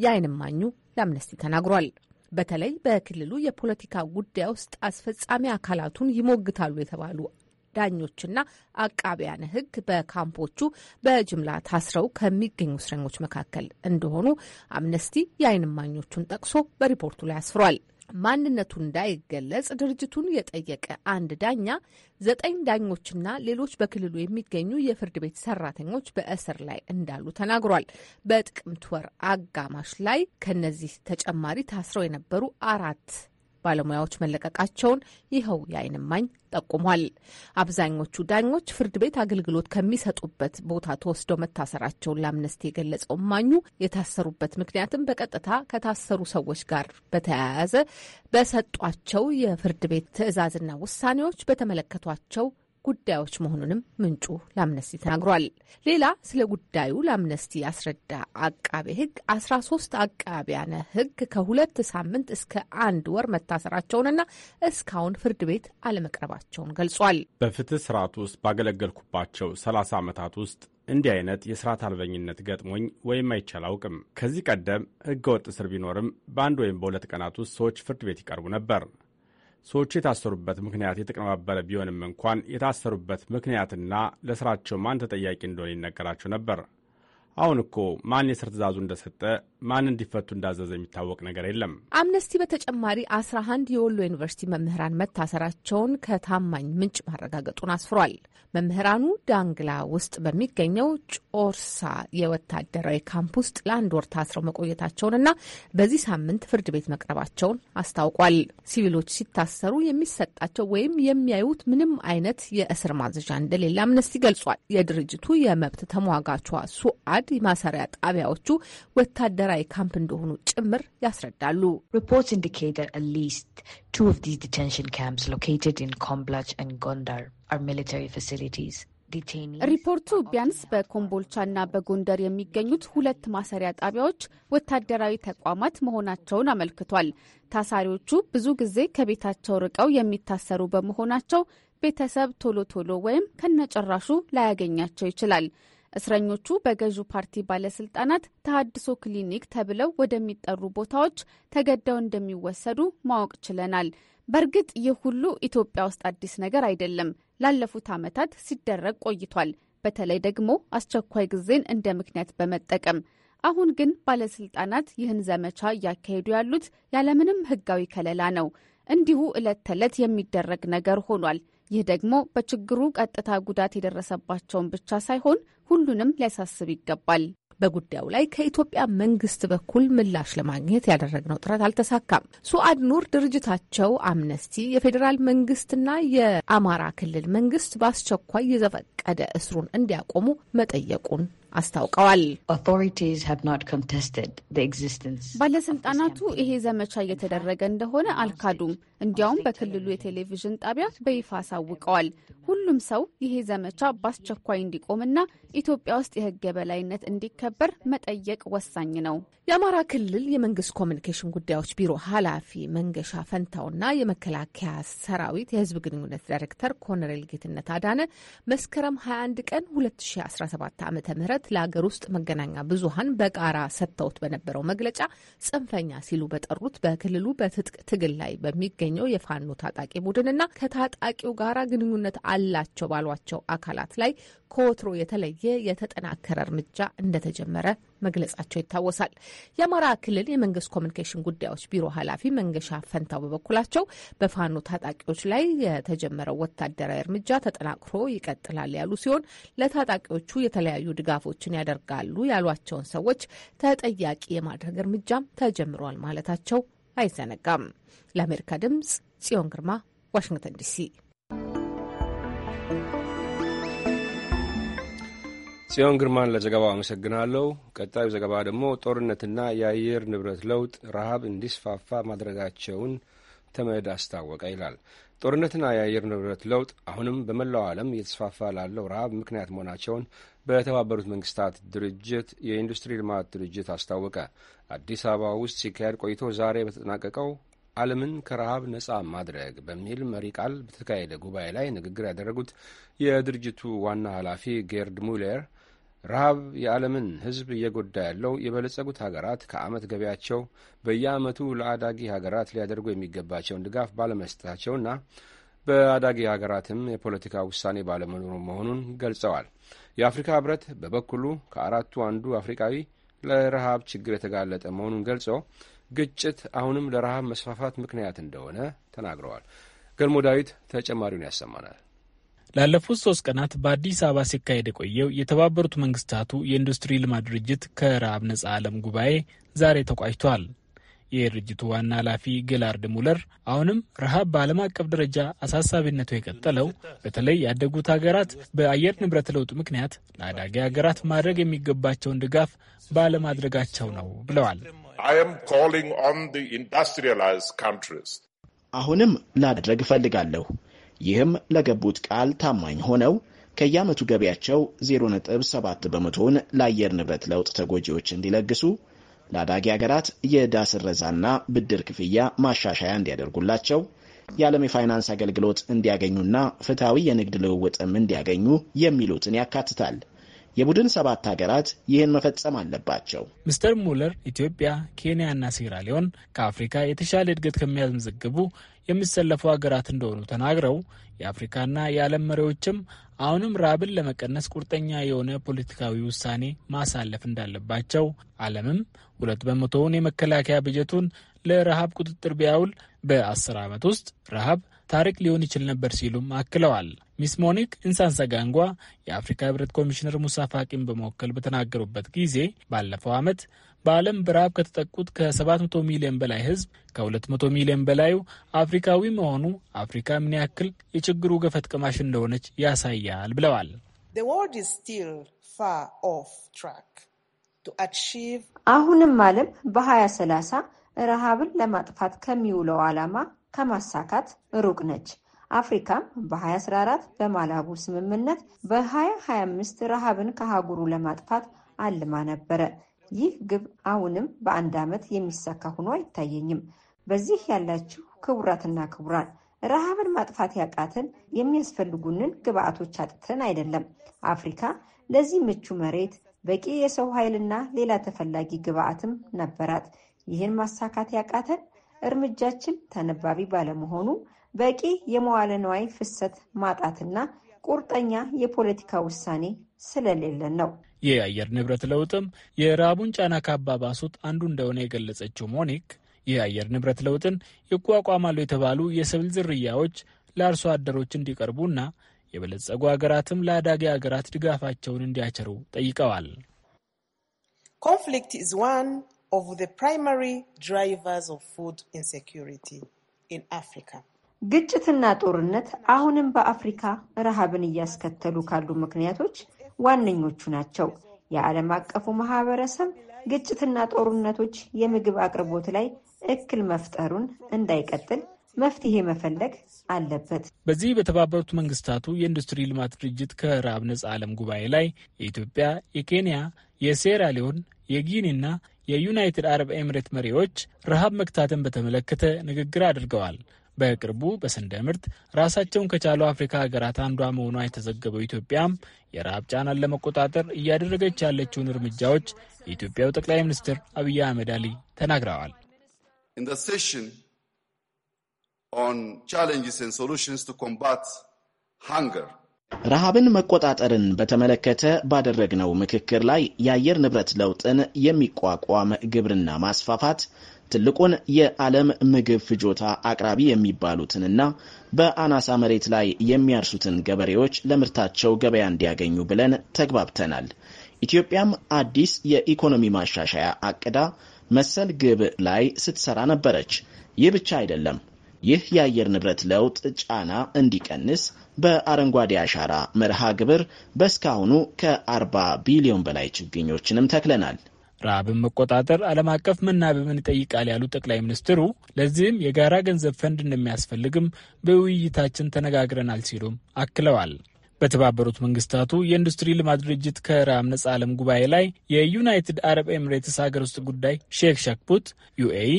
የአይንማኙ ለአምነስቲ ተናግሯል። በተለይ በክልሉ የፖለቲካ ጉዳይ ውስጥ አስፈጻሚ አካላቱን ይሞግታሉ የተባሉ ዳኞችና አቃቢያን ሕግ በካምፖቹ በጅምላ ታስረው ከሚገኙ እስረኞች መካከል እንደሆኑ አምነስቲ የአይንማኞቹን ጠቅሶ በሪፖርቱ ላይ አስፍሯል። ማንነቱ እንዳይገለጽ ድርጅቱን የጠየቀ አንድ ዳኛ ዘጠኝ ዳኞችና ሌሎች በክልሉ የሚገኙ የፍርድ ቤት ሰራተኞች በእስር ላይ እንዳሉ ተናግሯል። በጥቅምት ወር አጋማሽ ላይ ከነዚህ ተጨማሪ ታስረው የነበሩ አራት ባለሙያዎች መለቀቃቸውን ይኸው የዓይን እማኝ ጠቁሟል። አብዛኞቹ ዳኞች ፍርድ ቤት አገልግሎት ከሚሰጡበት ቦታ ተወስደው መታሰራቸውን ለአምነስቲ የገለጸው እማኙ የታሰሩበት ምክንያትም በቀጥታ ከታሰሩ ሰዎች ጋር በተያያዘ በሰጧቸው የፍርድ ቤት ትዕዛዝና ውሳኔዎች በተመለከቷቸው ጉዳዮች መሆኑንም ምንጩ ለአምነስቲ ተናግሯል። ሌላ ስለ ጉዳዩ ለአምነስቲ ያስረዳ አቃቤ ሕግ አስራ ሶስት አቃቢያነ ሕግ ከሁለት ሳምንት እስከ አንድ ወር መታሰራቸውንና እስካሁን ፍርድ ቤት አለመቅረባቸውን ገልጿል። በፍትህ ስርዓት ውስጥ ባገለገልኩባቸው ሰላሳ ዓመታት ውስጥ እንዲህ አይነት የስርዓት አልበኝነት ገጥሞኝ ወይም አይቻል አውቅም። ከዚህ ቀደም ህገወጥ እስር ቢኖርም በአንድ ወይም በሁለት ቀናት ውስጥ ሰዎች ፍርድ ቤት ይቀርቡ ነበር። ሰዎቹ የታሰሩበት ምክንያት የተቀነባበረ ቢሆንም እንኳን የታሰሩበት ምክንያትና ለስራቸው ማን ተጠያቂ እንደሆነ ይነገራቸው ነበር። አሁን እኮ ማን የስር ትእዛዙ እንደሰጠ ማን እንዲፈቱ እንዳዘዘ የሚታወቅ ነገር የለም። አምነስቲ በተጨማሪ አስራ አንድ የወሎ ዩኒቨርሲቲ መምህራን መታሰራቸውን ከታማኝ ምንጭ ማረጋገጡን አስፍሯል። መምህራኑ ዳንግላ ውስጥ በሚገኘው ጮርሳ የወታደራዊ ካምፕ ውስጥ ለአንድ ወር ታስረው መቆየታቸውንና በዚህ ሳምንት ፍርድ ቤት መቅረባቸውን አስታውቋል። ሲቪሎች ሲታሰሩ የሚሰጣቸው ወይም የሚያዩት ምንም አይነት የእስር ማዘዣ እንደሌለ አምነስቲ ገልጿል። የድርጅቱ የመብት ተሟጋቿ ሱአድ በመውሰድ የማሰሪያ ጣቢያዎቹ ወታደራዊ ካምፕ እንደሆኑ ጭምር ያስረዳሉ። ሪፖርቱ ቢያንስ በኮምቦልቻና በጎንደር የሚገኙት ሁለት ማሰሪያ ጣቢያዎች ወታደራዊ ተቋማት መሆናቸውን አመልክቷል። ታሳሪዎቹ ብዙ ጊዜ ከቤታቸው ርቀው የሚታሰሩ በመሆናቸው ቤተሰብ ቶሎ ቶሎ ወይም ከነጭራሹ ላያገኛቸው ይችላል። እስረኞቹ በገዢው ፓርቲ ባለስልጣናት ተሃድሶ ክሊኒክ ተብለው ወደሚጠሩ ቦታዎች ተገደው እንደሚወሰዱ ማወቅ ችለናል። በእርግጥ ይህ ሁሉ ኢትዮጵያ ውስጥ አዲስ ነገር አይደለም። ላለፉት ዓመታት ሲደረግ ቆይቷል። በተለይ ደግሞ አስቸኳይ ጊዜን እንደ ምክንያት በመጠቀም አሁን ግን ባለስልጣናት ይህን ዘመቻ እያካሄዱ ያሉት ያለምንም ሕጋዊ ከለላ ነው። እንዲሁ ዕለት ተዕለት የሚደረግ ነገር ሆኗል። ይህ ደግሞ በችግሩ ቀጥታ ጉዳት የደረሰባቸውን ብቻ ሳይሆን ሁሉንም ሊያሳስብ ይገባል። በጉዳዩ ላይ ከኢትዮጵያ መንግስት በኩል ምላሽ ለማግኘት ያደረግነው ጥረት አልተሳካም። ሱአድ ኑር ድርጅታቸው አምነስቲ የፌዴራል መንግስትና የአማራ ክልል መንግስት በአስቸኳይ የዘፈቀደ እስሩን እንዲያቆሙ መጠየቁን አስታውቀዋል። ባለስልጣናቱ ይሄ ዘመቻ እየተደረገ እንደሆነ አልካዱም። እንዲያውም በክልሉ የቴሌቪዥን ጣቢያ በይፋ አሳውቀዋል። ሁሉም ሰው ይሄ ዘመቻ በአስቸኳይ እንዲቆምና ኢትዮጵያ ውስጥ የሕግ የበላይነት እንዲከበር መጠየቅ ወሳኝ ነው። የአማራ ክልል የመንግስት ኮሚኒኬሽን ጉዳዮች ቢሮ ኃላፊ መንገሻ ፈንታውና የመከላከያ ሰራዊት የህዝብ ግንኙነት ዳይሬክተር ኮሎኔል ጌትነት አዳነ መስከረም 21 ቀን 2017 ዓ.ም ዕለት ለሀገር ውስጥ መገናኛ ብዙሃን በጋራ ሰጥተውት በነበረው መግለጫ ጽንፈኛ ሲሉ በጠሩት በክልሉ በትጥቅ ትግል ላይ በሚገኘው የፋኖ ታጣቂ ቡድንና ከታጣቂው ጋር ግንኙነት አላቸው ባሏቸው አካላት ላይ ከወትሮ የተለየ የተጠናከረ እርምጃ እንደተጀመረ መግለጻቸው ይታወሳል። የአማራ ክልል የመንግስት ኮሚኒኬሽን ጉዳዮች ቢሮ ኃላፊ መንገሻ ፈንታው በበኩላቸው በፋኖ ታጣቂዎች ላይ የተጀመረው ወታደራዊ እርምጃ ተጠናክሮ ይቀጥላል ያሉ ሲሆን ለታጣቂዎቹ የተለያዩ ድጋፎች ድርጊቶችን ያደርጋሉ ያሏቸውን ሰዎች ተጠያቂ የማድረግ እርምጃም ተጀምሯል ማለታቸው አይዘነጋም። ለአሜሪካ ድምጽ ጽዮን ግርማ፣ ዋሽንግተን ዲሲ። ጽዮን ግርማን ለዘገባው አመሰግናለሁ። ቀጣዩ ዘገባ ደግሞ ጦርነትና የአየር ንብረት ለውጥ ረሃብ እንዲስፋፋ ማድረጋቸውን ተመድ አስታወቀ ይላል። ጦርነትና የአየር ንብረት ለውጥ አሁንም በመላው ዓለም እየተስፋፋ ላለው ረሃብ ምክንያት መሆናቸውን በተባበሩት መንግስታት ድርጅት የኢንዱስትሪ ልማት ድርጅት አስታወቀ። አዲስ አበባ ውስጥ ሲካሄድ ቆይቶ ዛሬ በተጠናቀቀው ዓለምን ከረሃብ ነፃ ማድረግ በሚል መሪ ቃል በተካሄደ ጉባኤ ላይ ንግግር ያደረጉት የድርጅቱ ዋና ኃላፊ ጌርድ ሙለር ረሃብ የዓለምን ሕዝብ እየጎዳ ያለው የበለጸጉት ሀገራት ከዓመት ገቢያቸው በየዓመቱ ለአዳጊ ሀገራት ሊያደርጉ የሚገባቸውን ድጋፍ ባለመስጠታቸውና በአዳጊ ሀገራትም የፖለቲካ ውሳኔ ባለመኖሩ መሆኑን ገልጸዋል። የአፍሪካ ህብረት በበኩሉ ከአራቱ አንዱ አፍሪካዊ ለረሃብ ችግር የተጋለጠ መሆኑን ገልጾ ግጭት አሁንም ለረሃብ መስፋፋት ምክንያት እንደሆነ ተናግረዋል። ገልሞ ዳዊት ተጨማሪውን ያሰማናል። ላለፉት ሶስት ቀናት በአዲስ አበባ ሲካሄድ የቆየው የተባበሩት መንግስታቱ የኢንዱስትሪ ልማት ድርጅት ከረሃብ ነጻ ዓለም ጉባኤ ዛሬ ተቋጭቷል። የድርጅቱ ዋና ኃላፊ ጌላርድ ሙለር አሁንም ረሃብ በዓለም አቀፍ ደረጃ አሳሳቢነቱ የቀጠለው በተለይ ያደጉት ሀገራት በአየር ንብረት ለውጥ ምክንያት ለአዳጊ ሀገራት ማድረግ የሚገባቸውን ድጋፍ ባለማድረጋቸው ነው ብለዋል። አሁንም ላድረግ እፈልጋለሁ። ይህም ለገቡት ቃል ታማኝ ሆነው ከየዓመቱ ገቢያቸው 0.7 በመቶውን ለአየር ንብረት ለውጥ ተጎጂዎች እንዲለግሱ ለአዳጊ ሀገራት የዕዳ ስረዛና ብድር ክፍያ ማሻሻያ እንዲያደርጉላቸው የዓለም የፋይናንስ አገልግሎት እንዲያገኙና ፍትሐዊ የንግድ ልውውጥም እንዲያገኙ የሚሉትን ያካትታል። የቡድን ሰባት ሀገራት ይህን መፈጸም አለባቸው። ሚስተር ሙለር ኢትዮጵያ፣ ኬንያና ሴራሊዮን ከአፍሪካ የተሻለ እድገት ከሚያስመዘግቡ የሚሰለፉ ሀገራት እንደሆኑ ተናግረው የአፍሪካና የዓለም መሪዎችም አሁንም ራብን ለመቀነስ ቁርጠኛ የሆነ ፖለቲካዊ ውሳኔ ማሳለፍ እንዳለባቸው፣ ዓለምም ሁለት በመቶውን የመከላከያ በጀቱን ለረሃብ ቁጥጥር ቢያውል በአስር ዓመት ውስጥ ረሃብ ታሪክ ሊሆን ይችል ነበር ሲሉም አክለዋል። ሚስ ሞኒክ ኢንሳንሰጋንጓ የአፍሪካ ህብረት ኮሚሽነር ሙሳ ፋቂን በመወከል በተናገሩበት ጊዜ ባለፈው ዓመት በዓለም በረሃብ ከተጠቁት ከ700 ሚሊዮን በላይ ህዝብ ከ200 ሚሊዮን በላዩ አፍሪካዊ መሆኑ አፍሪካ ምን ያክል የችግሩ ገፈት ቀማሽ እንደሆነች ያሳያል ብለዋል። አሁንም ዓለም በ2030 ረሃብን ለማጥፋት ከሚውለው ዓላማ ከማሳካት ሩቅ ነች። አፍሪካም በ2014 በማላቡ ስምምነት በ2025 ረሃብን ከአህጉሩ ለማጥፋት አልማ ነበረ። ይህ ግብ አሁንም በአንድ ዓመት የሚሳካ ሆኖ አይታየኝም። በዚህ ያላችሁ ክቡራትና ክቡራን ረሃብን ማጥፋት ያቃተን የሚያስፈልጉንን ግብአቶች አጥተን አይደለም። አፍሪካ ለዚህ ምቹ መሬት፣ በቂ የሰው ኃይልና ሌላ ተፈላጊ ግብአትም ነበራት። ይህን ማሳካት ያቃተን እርምጃችን ተነባቢ ባለመሆኑ በቂ የመዋለ ንዋይ ፍሰት ማጣትና ቁርጠኛ የፖለቲካ ውሳኔ ስለሌለን ነው። የአየር ንብረት ለውጥም የረሃቡን ጫና ካባባሱት አንዱ እንደሆነ የገለጸችው ሞኒክ የአየር ንብረት ለውጥን ይቋቋማሉ የተባሉ የሰብል ዝርያዎች ለአርሶ አደሮች እንዲቀርቡና የበለጸጉ ሀገራትም ለአዳጊ ሀገራት ድጋፋቸውን እንዲያቸሩ ጠይቀዋል። ኮንፍሊክት ኢዝ ዋን ኦፍ ዘ ፕራይማሪ ድራይቨርስ ኦፍ ፉድ ኢንሴኪሪቲ ኢን አፍሪካ። ግጭትና ጦርነት አሁንም በአፍሪካ ረሃብን እያስከተሉ ካሉ ምክንያቶች ዋነኞቹ ናቸው። የዓለም አቀፉ ማህበረሰብ ግጭትና ጦርነቶች የምግብ አቅርቦት ላይ እክል መፍጠሩን እንዳይቀጥል መፍትሄ መፈለግ አለበት። በዚህ በተባበሩት መንግስታቱ የኢንዱስትሪ ልማት ድርጅት ከረሃብ ነጻ ዓለም ጉባኤ ላይ የኢትዮጵያ፣ የኬንያ፣ የሴራሊዮን፣ የጊኒና የዩናይትድ አረብ ኤምሬት መሪዎች ረሃብ መክታትን በተመለከተ ንግግር አድርገዋል። በቅርቡ በስንዴ ምርት ራሳቸውን ከቻሉ አፍሪካ ሀገራት አንዷ መሆኗ የተዘገበው ኢትዮጵያ የረሃብ ጫናን ለመቆጣጠር እያደረገች ያለችውን እርምጃዎች የኢትዮጵያው ጠቅላይ ሚኒስትር አብይ አህመድ አሊ ተናግረዋል። ረሃብን መቆጣጠርን በተመለከተ ባደረግነው ምክክር ላይ የአየር ንብረት ለውጥን የሚቋቋም ግብርና ማስፋፋት ትልቁን የዓለም ምግብ ፍጆታ አቅራቢ የሚባሉትንና በአናሳ መሬት ላይ የሚያርሱትን ገበሬዎች ለምርታቸው ገበያ እንዲያገኙ ብለን ተግባብተናል። ኢትዮጵያም አዲስ የኢኮኖሚ ማሻሻያ አቅዳ መሰል ግብ ላይ ስትሰራ ነበረች። ይህ ብቻ አይደለም። ይህ የአየር ንብረት ለውጥ ጫና እንዲቀንስ በአረንጓዴ አሻራ መርሃ ግብር በእስካሁኑ ከ40 ቢሊዮን በላይ ችግኞችንም ተክለናል። ረሃብን መቆጣጠር ዓለም አቀፍ መናበብን ይጠይቃል ያሉት ጠቅላይ ሚኒስትሩ ለዚህም የጋራ ገንዘብ ፈንድ እንደሚያስፈልግም በውይይታችን ተነጋግረናል ሲሉም አክለዋል። በተባበሩት መንግስታቱ የኢንዱስትሪ ልማት ድርጅት ከረሃብ ነጻ ዓለም ጉባኤ ላይ የዩናይትድ አረብ ኤምሬትስ ሀገር ውስጥ ጉዳይ ሼክ ሻክፑት ዩኤኢ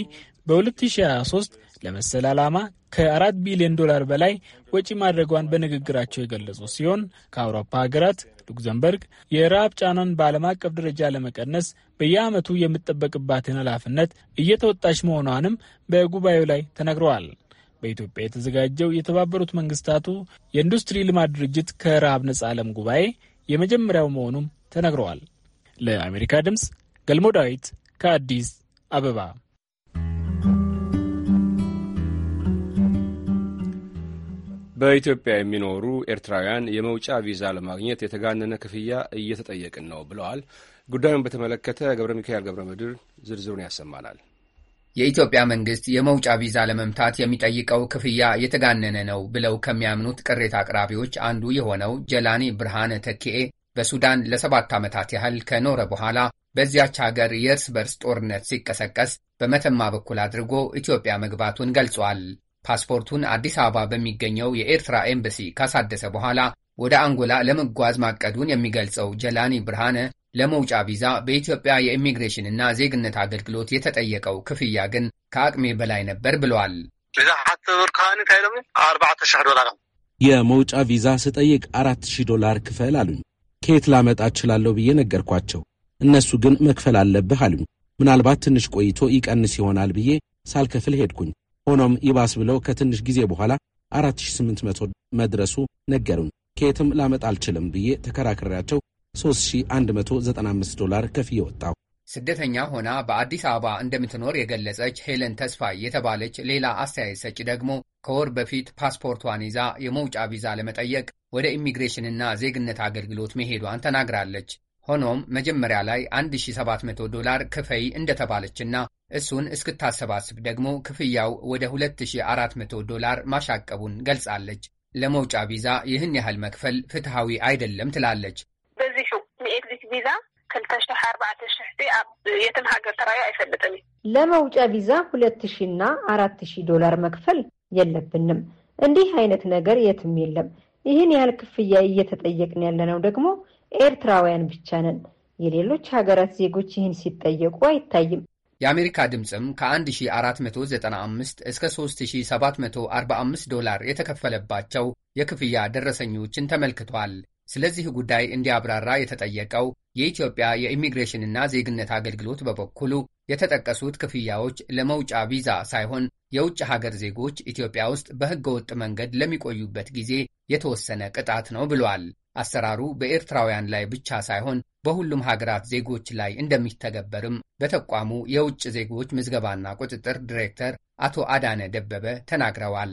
በ2023 ለመሰል ዓላማ ከአራት ቢሊዮን ዶላር በላይ ወጪ ማድረጓን በንግግራቸው የገለጹ ሲሆን ከአውሮፓ ሀገራት ሉክዘምበርግ የረሃብ ጫናን በዓለም አቀፍ ደረጃ ለመቀነስ በየዓመቱ የምጠበቅባትን ኃላፊነት እየተወጣች መሆኗንም በጉባኤው ላይ ተነግረዋል። በኢትዮጵያ የተዘጋጀው የተባበሩት መንግስታቱ የኢንዱስትሪ ልማት ድርጅት ከረሃብ ነጻ ዓለም ጉባኤ የመጀመሪያው መሆኑም ተነግረዋል። ለአሜሪካ ድምፅ ገልሞ ዳዊት ከአዲስ አበባ በኢትዮጵያ የሚኖሩ ኤርትራውያን የመውጫ ቪዛ ለማግኘት የተጋነነ ክፍያ እየተጠየቅን ነው ብለዋል። ጉዳዩን በተመለከተ ገብረ ሚካኤል ገብረ ምድር ዝርዝሩን ያሰማናል። የኢትዮጵያ መንግስት የመውጫ ቪዛ ለመምታት የሚጠይቀው ክፍያ የተጋነነ ነው ብለው ከሚያምኑት ቅሬታ አቅራቢዎች አንዱ የሆነው ጀላኒ ብርሃነ ተኬኤ በሱዳን ለሰባት ዓመታት ያህል ከኖረ በኋላ በዚያች ሀገር የእርስ በርስ ጦርነት ሲቀሰቀስ በመተማ በኩል አድርጎ ኢትዮጵያ መግባቱን ገልጿል። ፓስፖርቱን አዲስ አበባ በሚገኘው የኤርትራ ኤምባሲ ካሳደሰ በኋላ ወደ አንጎላ ለመጓዝ ማቀዱን የሚገልጸው ጀላኒ ብርሃነ ለመውጫ ቪዛ በኢትዮጵያ የኢሚግሬሽንና ዜግነት አገልግሎት የተጠየቀው ክፍያ ግን ከአቅሜ በላይ ነበር ብለዋል። የመውጫ ቪዛ ስጠይቅ አራት ሺህ ዶላር ክፈል አሉኝ። ከየት ላመጣ እችላለሁ ብዬ ነገርኳቸው። እነሱ ግን መክፈል አለብህ አሉኝ። ምናልባት ትንሽ ቆይቶ ይቀንስ ይሆናል ብዬ ሳልከፍል ሄድኩኝ። ሆኖም ይባስ ብለው ከትንሽ ጊዜ በኋላ 4800 መድረሱ ነገሩኝ። ከየትም ላመጣ አልችልም ብዬ ተከራክሬያቸው 3195 ዶላር ከፍዬ ወጣሁ። ስደተኛ ሆና በአዲስ አበባ እንደምትኖር የገለጸች ሄለን ተስፋ የተባለች ሌላ አስተያየት ሰጪ ደግሞ ከወር በፊት ፓስፖርቷን ይዛ የመውጫ ቪዛ ለመጠየቅ ወደ ኢሚግሬሽንና ዜግነት አገልግሎት መሄዷን ተናግራለች። ሆኖም መጀመሪያ ላይ 1700 ዶላር ክፈይ እንደተባለችና እሱን እስክታሰባስብ ደግሞ ክፍያው ወደ 2400 ዶላር ማሻቀቡን ገልጻለች። ለመውጫ ቪዛ ይህን ያህል መክፈል ፍትሃዊ አይደለም ትላለች። ንኤግዚት ቪዛ ክልተ ኣብ ሃገር ተራዩ ለመውጫ ቪዛ ሁለት ሺ እና አራት ሺ ዶላር መክፈል የለብንም። እንዲህ አይነት ነገር የትም የለም። ይህን ያህል ክፍያ እየተጠየቅን ያለነው ደግሞ ኤርትራውያን ብቻ ነን። የሌሎች ሀገራት ዜጎች ይህን ሲጠየቁ አይታይም። የአሜሪካ ድምፅም ከ1495 እስከ 3745 ዶላር የተከፈለባቸው የክፍያ ደረሰኞችን ተመልክቷል። ስለዚህ ጉዳይ እንዲያብራራ የተጠየቀው የኢትዮጵያ የኢሚግሬሽንና ዜግነት አገልግሎት በበኩሉ የተጠቀሱት ክፍያዎች ለመውጫ ቪዛ ሳይሆን የውጭ ሀገር ዜጎች ኢትዮጵያ ውስጥ በሕገ ወጥ መንገድ ለሚቆዩበት ጊዜ የተወሰነ ቅጣት ነው ብሏል። አሰራሩ በኤርትራውያን ላይ ብቻ ሳይሆን በሁሉም ሀገራት ዜጎች ላይ እንደሚተገበርም በተቋሙ የውጭ ዜጎች ምዝገባና ቁጥጥር ዲሬክተር አቶ አዳነ ደበበ ተናግረዋል።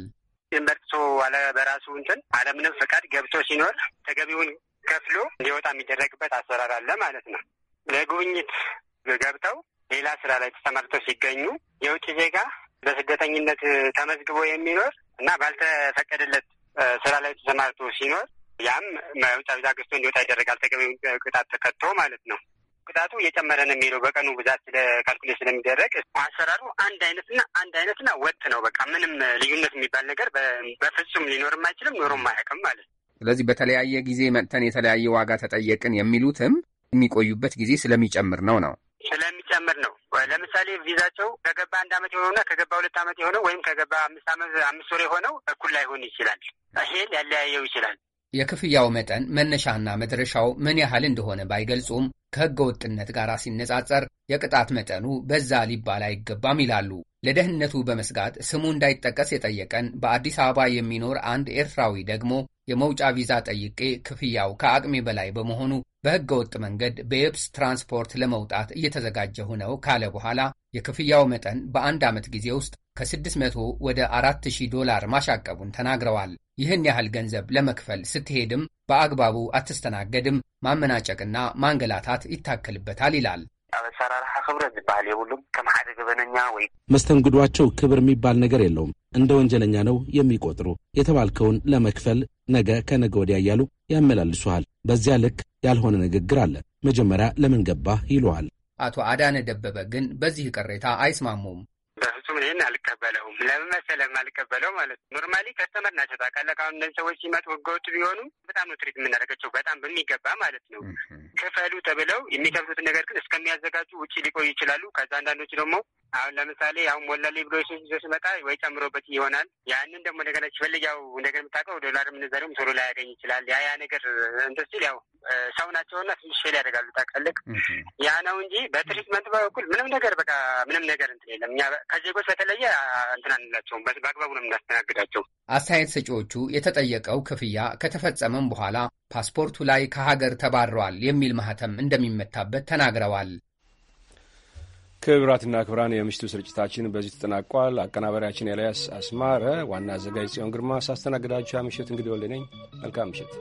መርሶ አለ በራሱ እንትን አለምንም ፈቃድ ገብቶ ሲኖር ተገቢውን ከፍሎ እንዲወጣ የሚደረግበት አሰራር አለ ማለት ነው። ለጉብኝት ገብተው ሌላ ስራ ላይ ተሰማርተው ሲገኙ የውጭ ዜጋ በስደተኝነት ተመዝግቦ የሚኖር እና ባልተፈቀደለት ስራ ላይ ተሰማርቶ ሲኖር ያም ብዛ ገዝቶ እንዲወጣ ይደረጋል። ተገቢ ቅጣት ተከቶ ማለት ነው። ቅጣቱ እየጨመረ ነው የሚሄደው በቀኑ ብዛት ስለ ካልኩሌት ስለሚደረግ አሰራሩ አንድ አይነትና አንድ አይነትና ወጥ ነው። በቃ ምንም ልዩነት የሚባል ነገር በፍጹም ሊኖርም አይችልም ኖሮም አያውቅም ማለት ነው። ስለዚህ በተለያየ ጊዜ መጥተን የተለያየ ዋጋ ተጠየቅን የሚሉትም የሚቆዩበት ጊዜ ስለሚጨምር ነው ነው ስለሚጨምር ነው። ለምሳሌ ቪዛቸው ከገባ አንድ ዓመት የሆነውና ከገባ ሁለት ዓመት የሆነው ወይም ከገባ አምስት አመት አምስት ወር የሆነው እኩል ላይሆን ይችላል። ይሄ ሊያለያየው ይችላል። የክፍያው መጠን መነሻና መድረሻው ምን ያህል እንደሆነ ባይገልጹም ከሕገ ወጥነት ጋር ሲነጻጸር የቅጣት መጠኑ በዛ ሊባል አይገባም ይላሉ። ለደህንነቱ በመስጋት ስሙ እንዳይጠቀስ የጠየቀን በአዲስ አበባ የሚኖር አንድ ኤርትራዊ ደግሞ የመውጫ ቪዛ ጠይቄ ክፍያው ከአቅሜ በላይ በመሆኑ በሕገ ወጥ መንገድ በየብስ ትራንስፖርት ለመውጣት እየተዘጋጀሁ ነው ካለ በኋላ የክፍያው መጠን በአንድ ዓመት ጊዜ ውስጥ ከ600 ወደ 4000 ዶላር ማሻቀቡን ተናግረዋል። ይህን ያህል ገንዘብ ለመክፈል ስትሄድም በአግባቡ አትስተናገድም፣ ማመናጨቅና ማንገላታት ይታከልበታል ይላል። አሰራርሓ ክብረ ዝበሃል የብሉም ከም ሓደ ገበነኛ ወይ መስተንግዷቸው ክብር የሚባል ነገር የለውም። እንደ ወንጀለኛ ነው የሚቆጥሩ። የተባልከውን ለመክፈል ነገ ከነገ ወዲያ እያሉ ያመላልሱሃል። በዚያ ልክ ያልሆነ ንግግር አለ። መጀመሪያ ለምን ገባህ ይለዋል። አቶ አዳነ ደበበ ግን በዚህ ቅሬታ አይስማሙም። በፍጹም ይህን አልቀበለውም። ለምን መሰለህ የማልቀበለው ማለት ነው ኖርማሊ ከስተመር ናቸው ታውቃለህ። አሁን እነዚህ ሰዎች ሲመጡ ህገወጥ ቢሆኑ በጣም ነው ትሪት የምናደርጋቸው በጣም በሚገባ ማለት ነው። ክፈሉ ተብለው የሚከፍሉትን ነገር ግን እስከሚያዘጋጁ ውጭ ሊቆዩ ይችላሉ። ከዛ አንዳንዶች ደግሞ አሁን ለምሳሌ አሁን ወለሌ ብሎ ይዞ ሲመጣ ወይ ጨምሮበት ይሆናል። ያንን ደግሞ እንደገና ሲፈልግ ያው እንደገና የምታውቀው ዶላር የምንዘሪውም ቶሎ ላያገኝ ይችላል። ያ ያ ነገር እንትን ሲል ያው ሰው ናቸውና ትንሽ ፌል ያደርጋሉ። ታውቃለህ ያ ነው እንጂ በትሪትመንት በኩል ምንም ነገር በቃ ምንም ነገር እንትን የለም። እኛ ከዜጎች በተለየ እንትን አንላቸውም። በአግባቡ ነው የምናስተናግዳቸው። አስተያየት ሰጪዎቹ የተጠየቀው ክፍያ ከተፈጸመም በኋላ ፓስፖርቱ ላይ ከሀገር ተባረዋል የሚል ማህተም እንደሚመታበት ተናግረዋል። ክብራትና ክብራን የምሽቱ ስርጭታችን በዚህ ተጠናቋል። አቀናባሪያችን ኤልያስ አስማረ፣ ዋና አዘጋጅ ጽዮን ግርማ፣ ሳስተናግዳችሁ ምሽት እንግዲህ ወልደ ነኝ። መልካም ምሽት።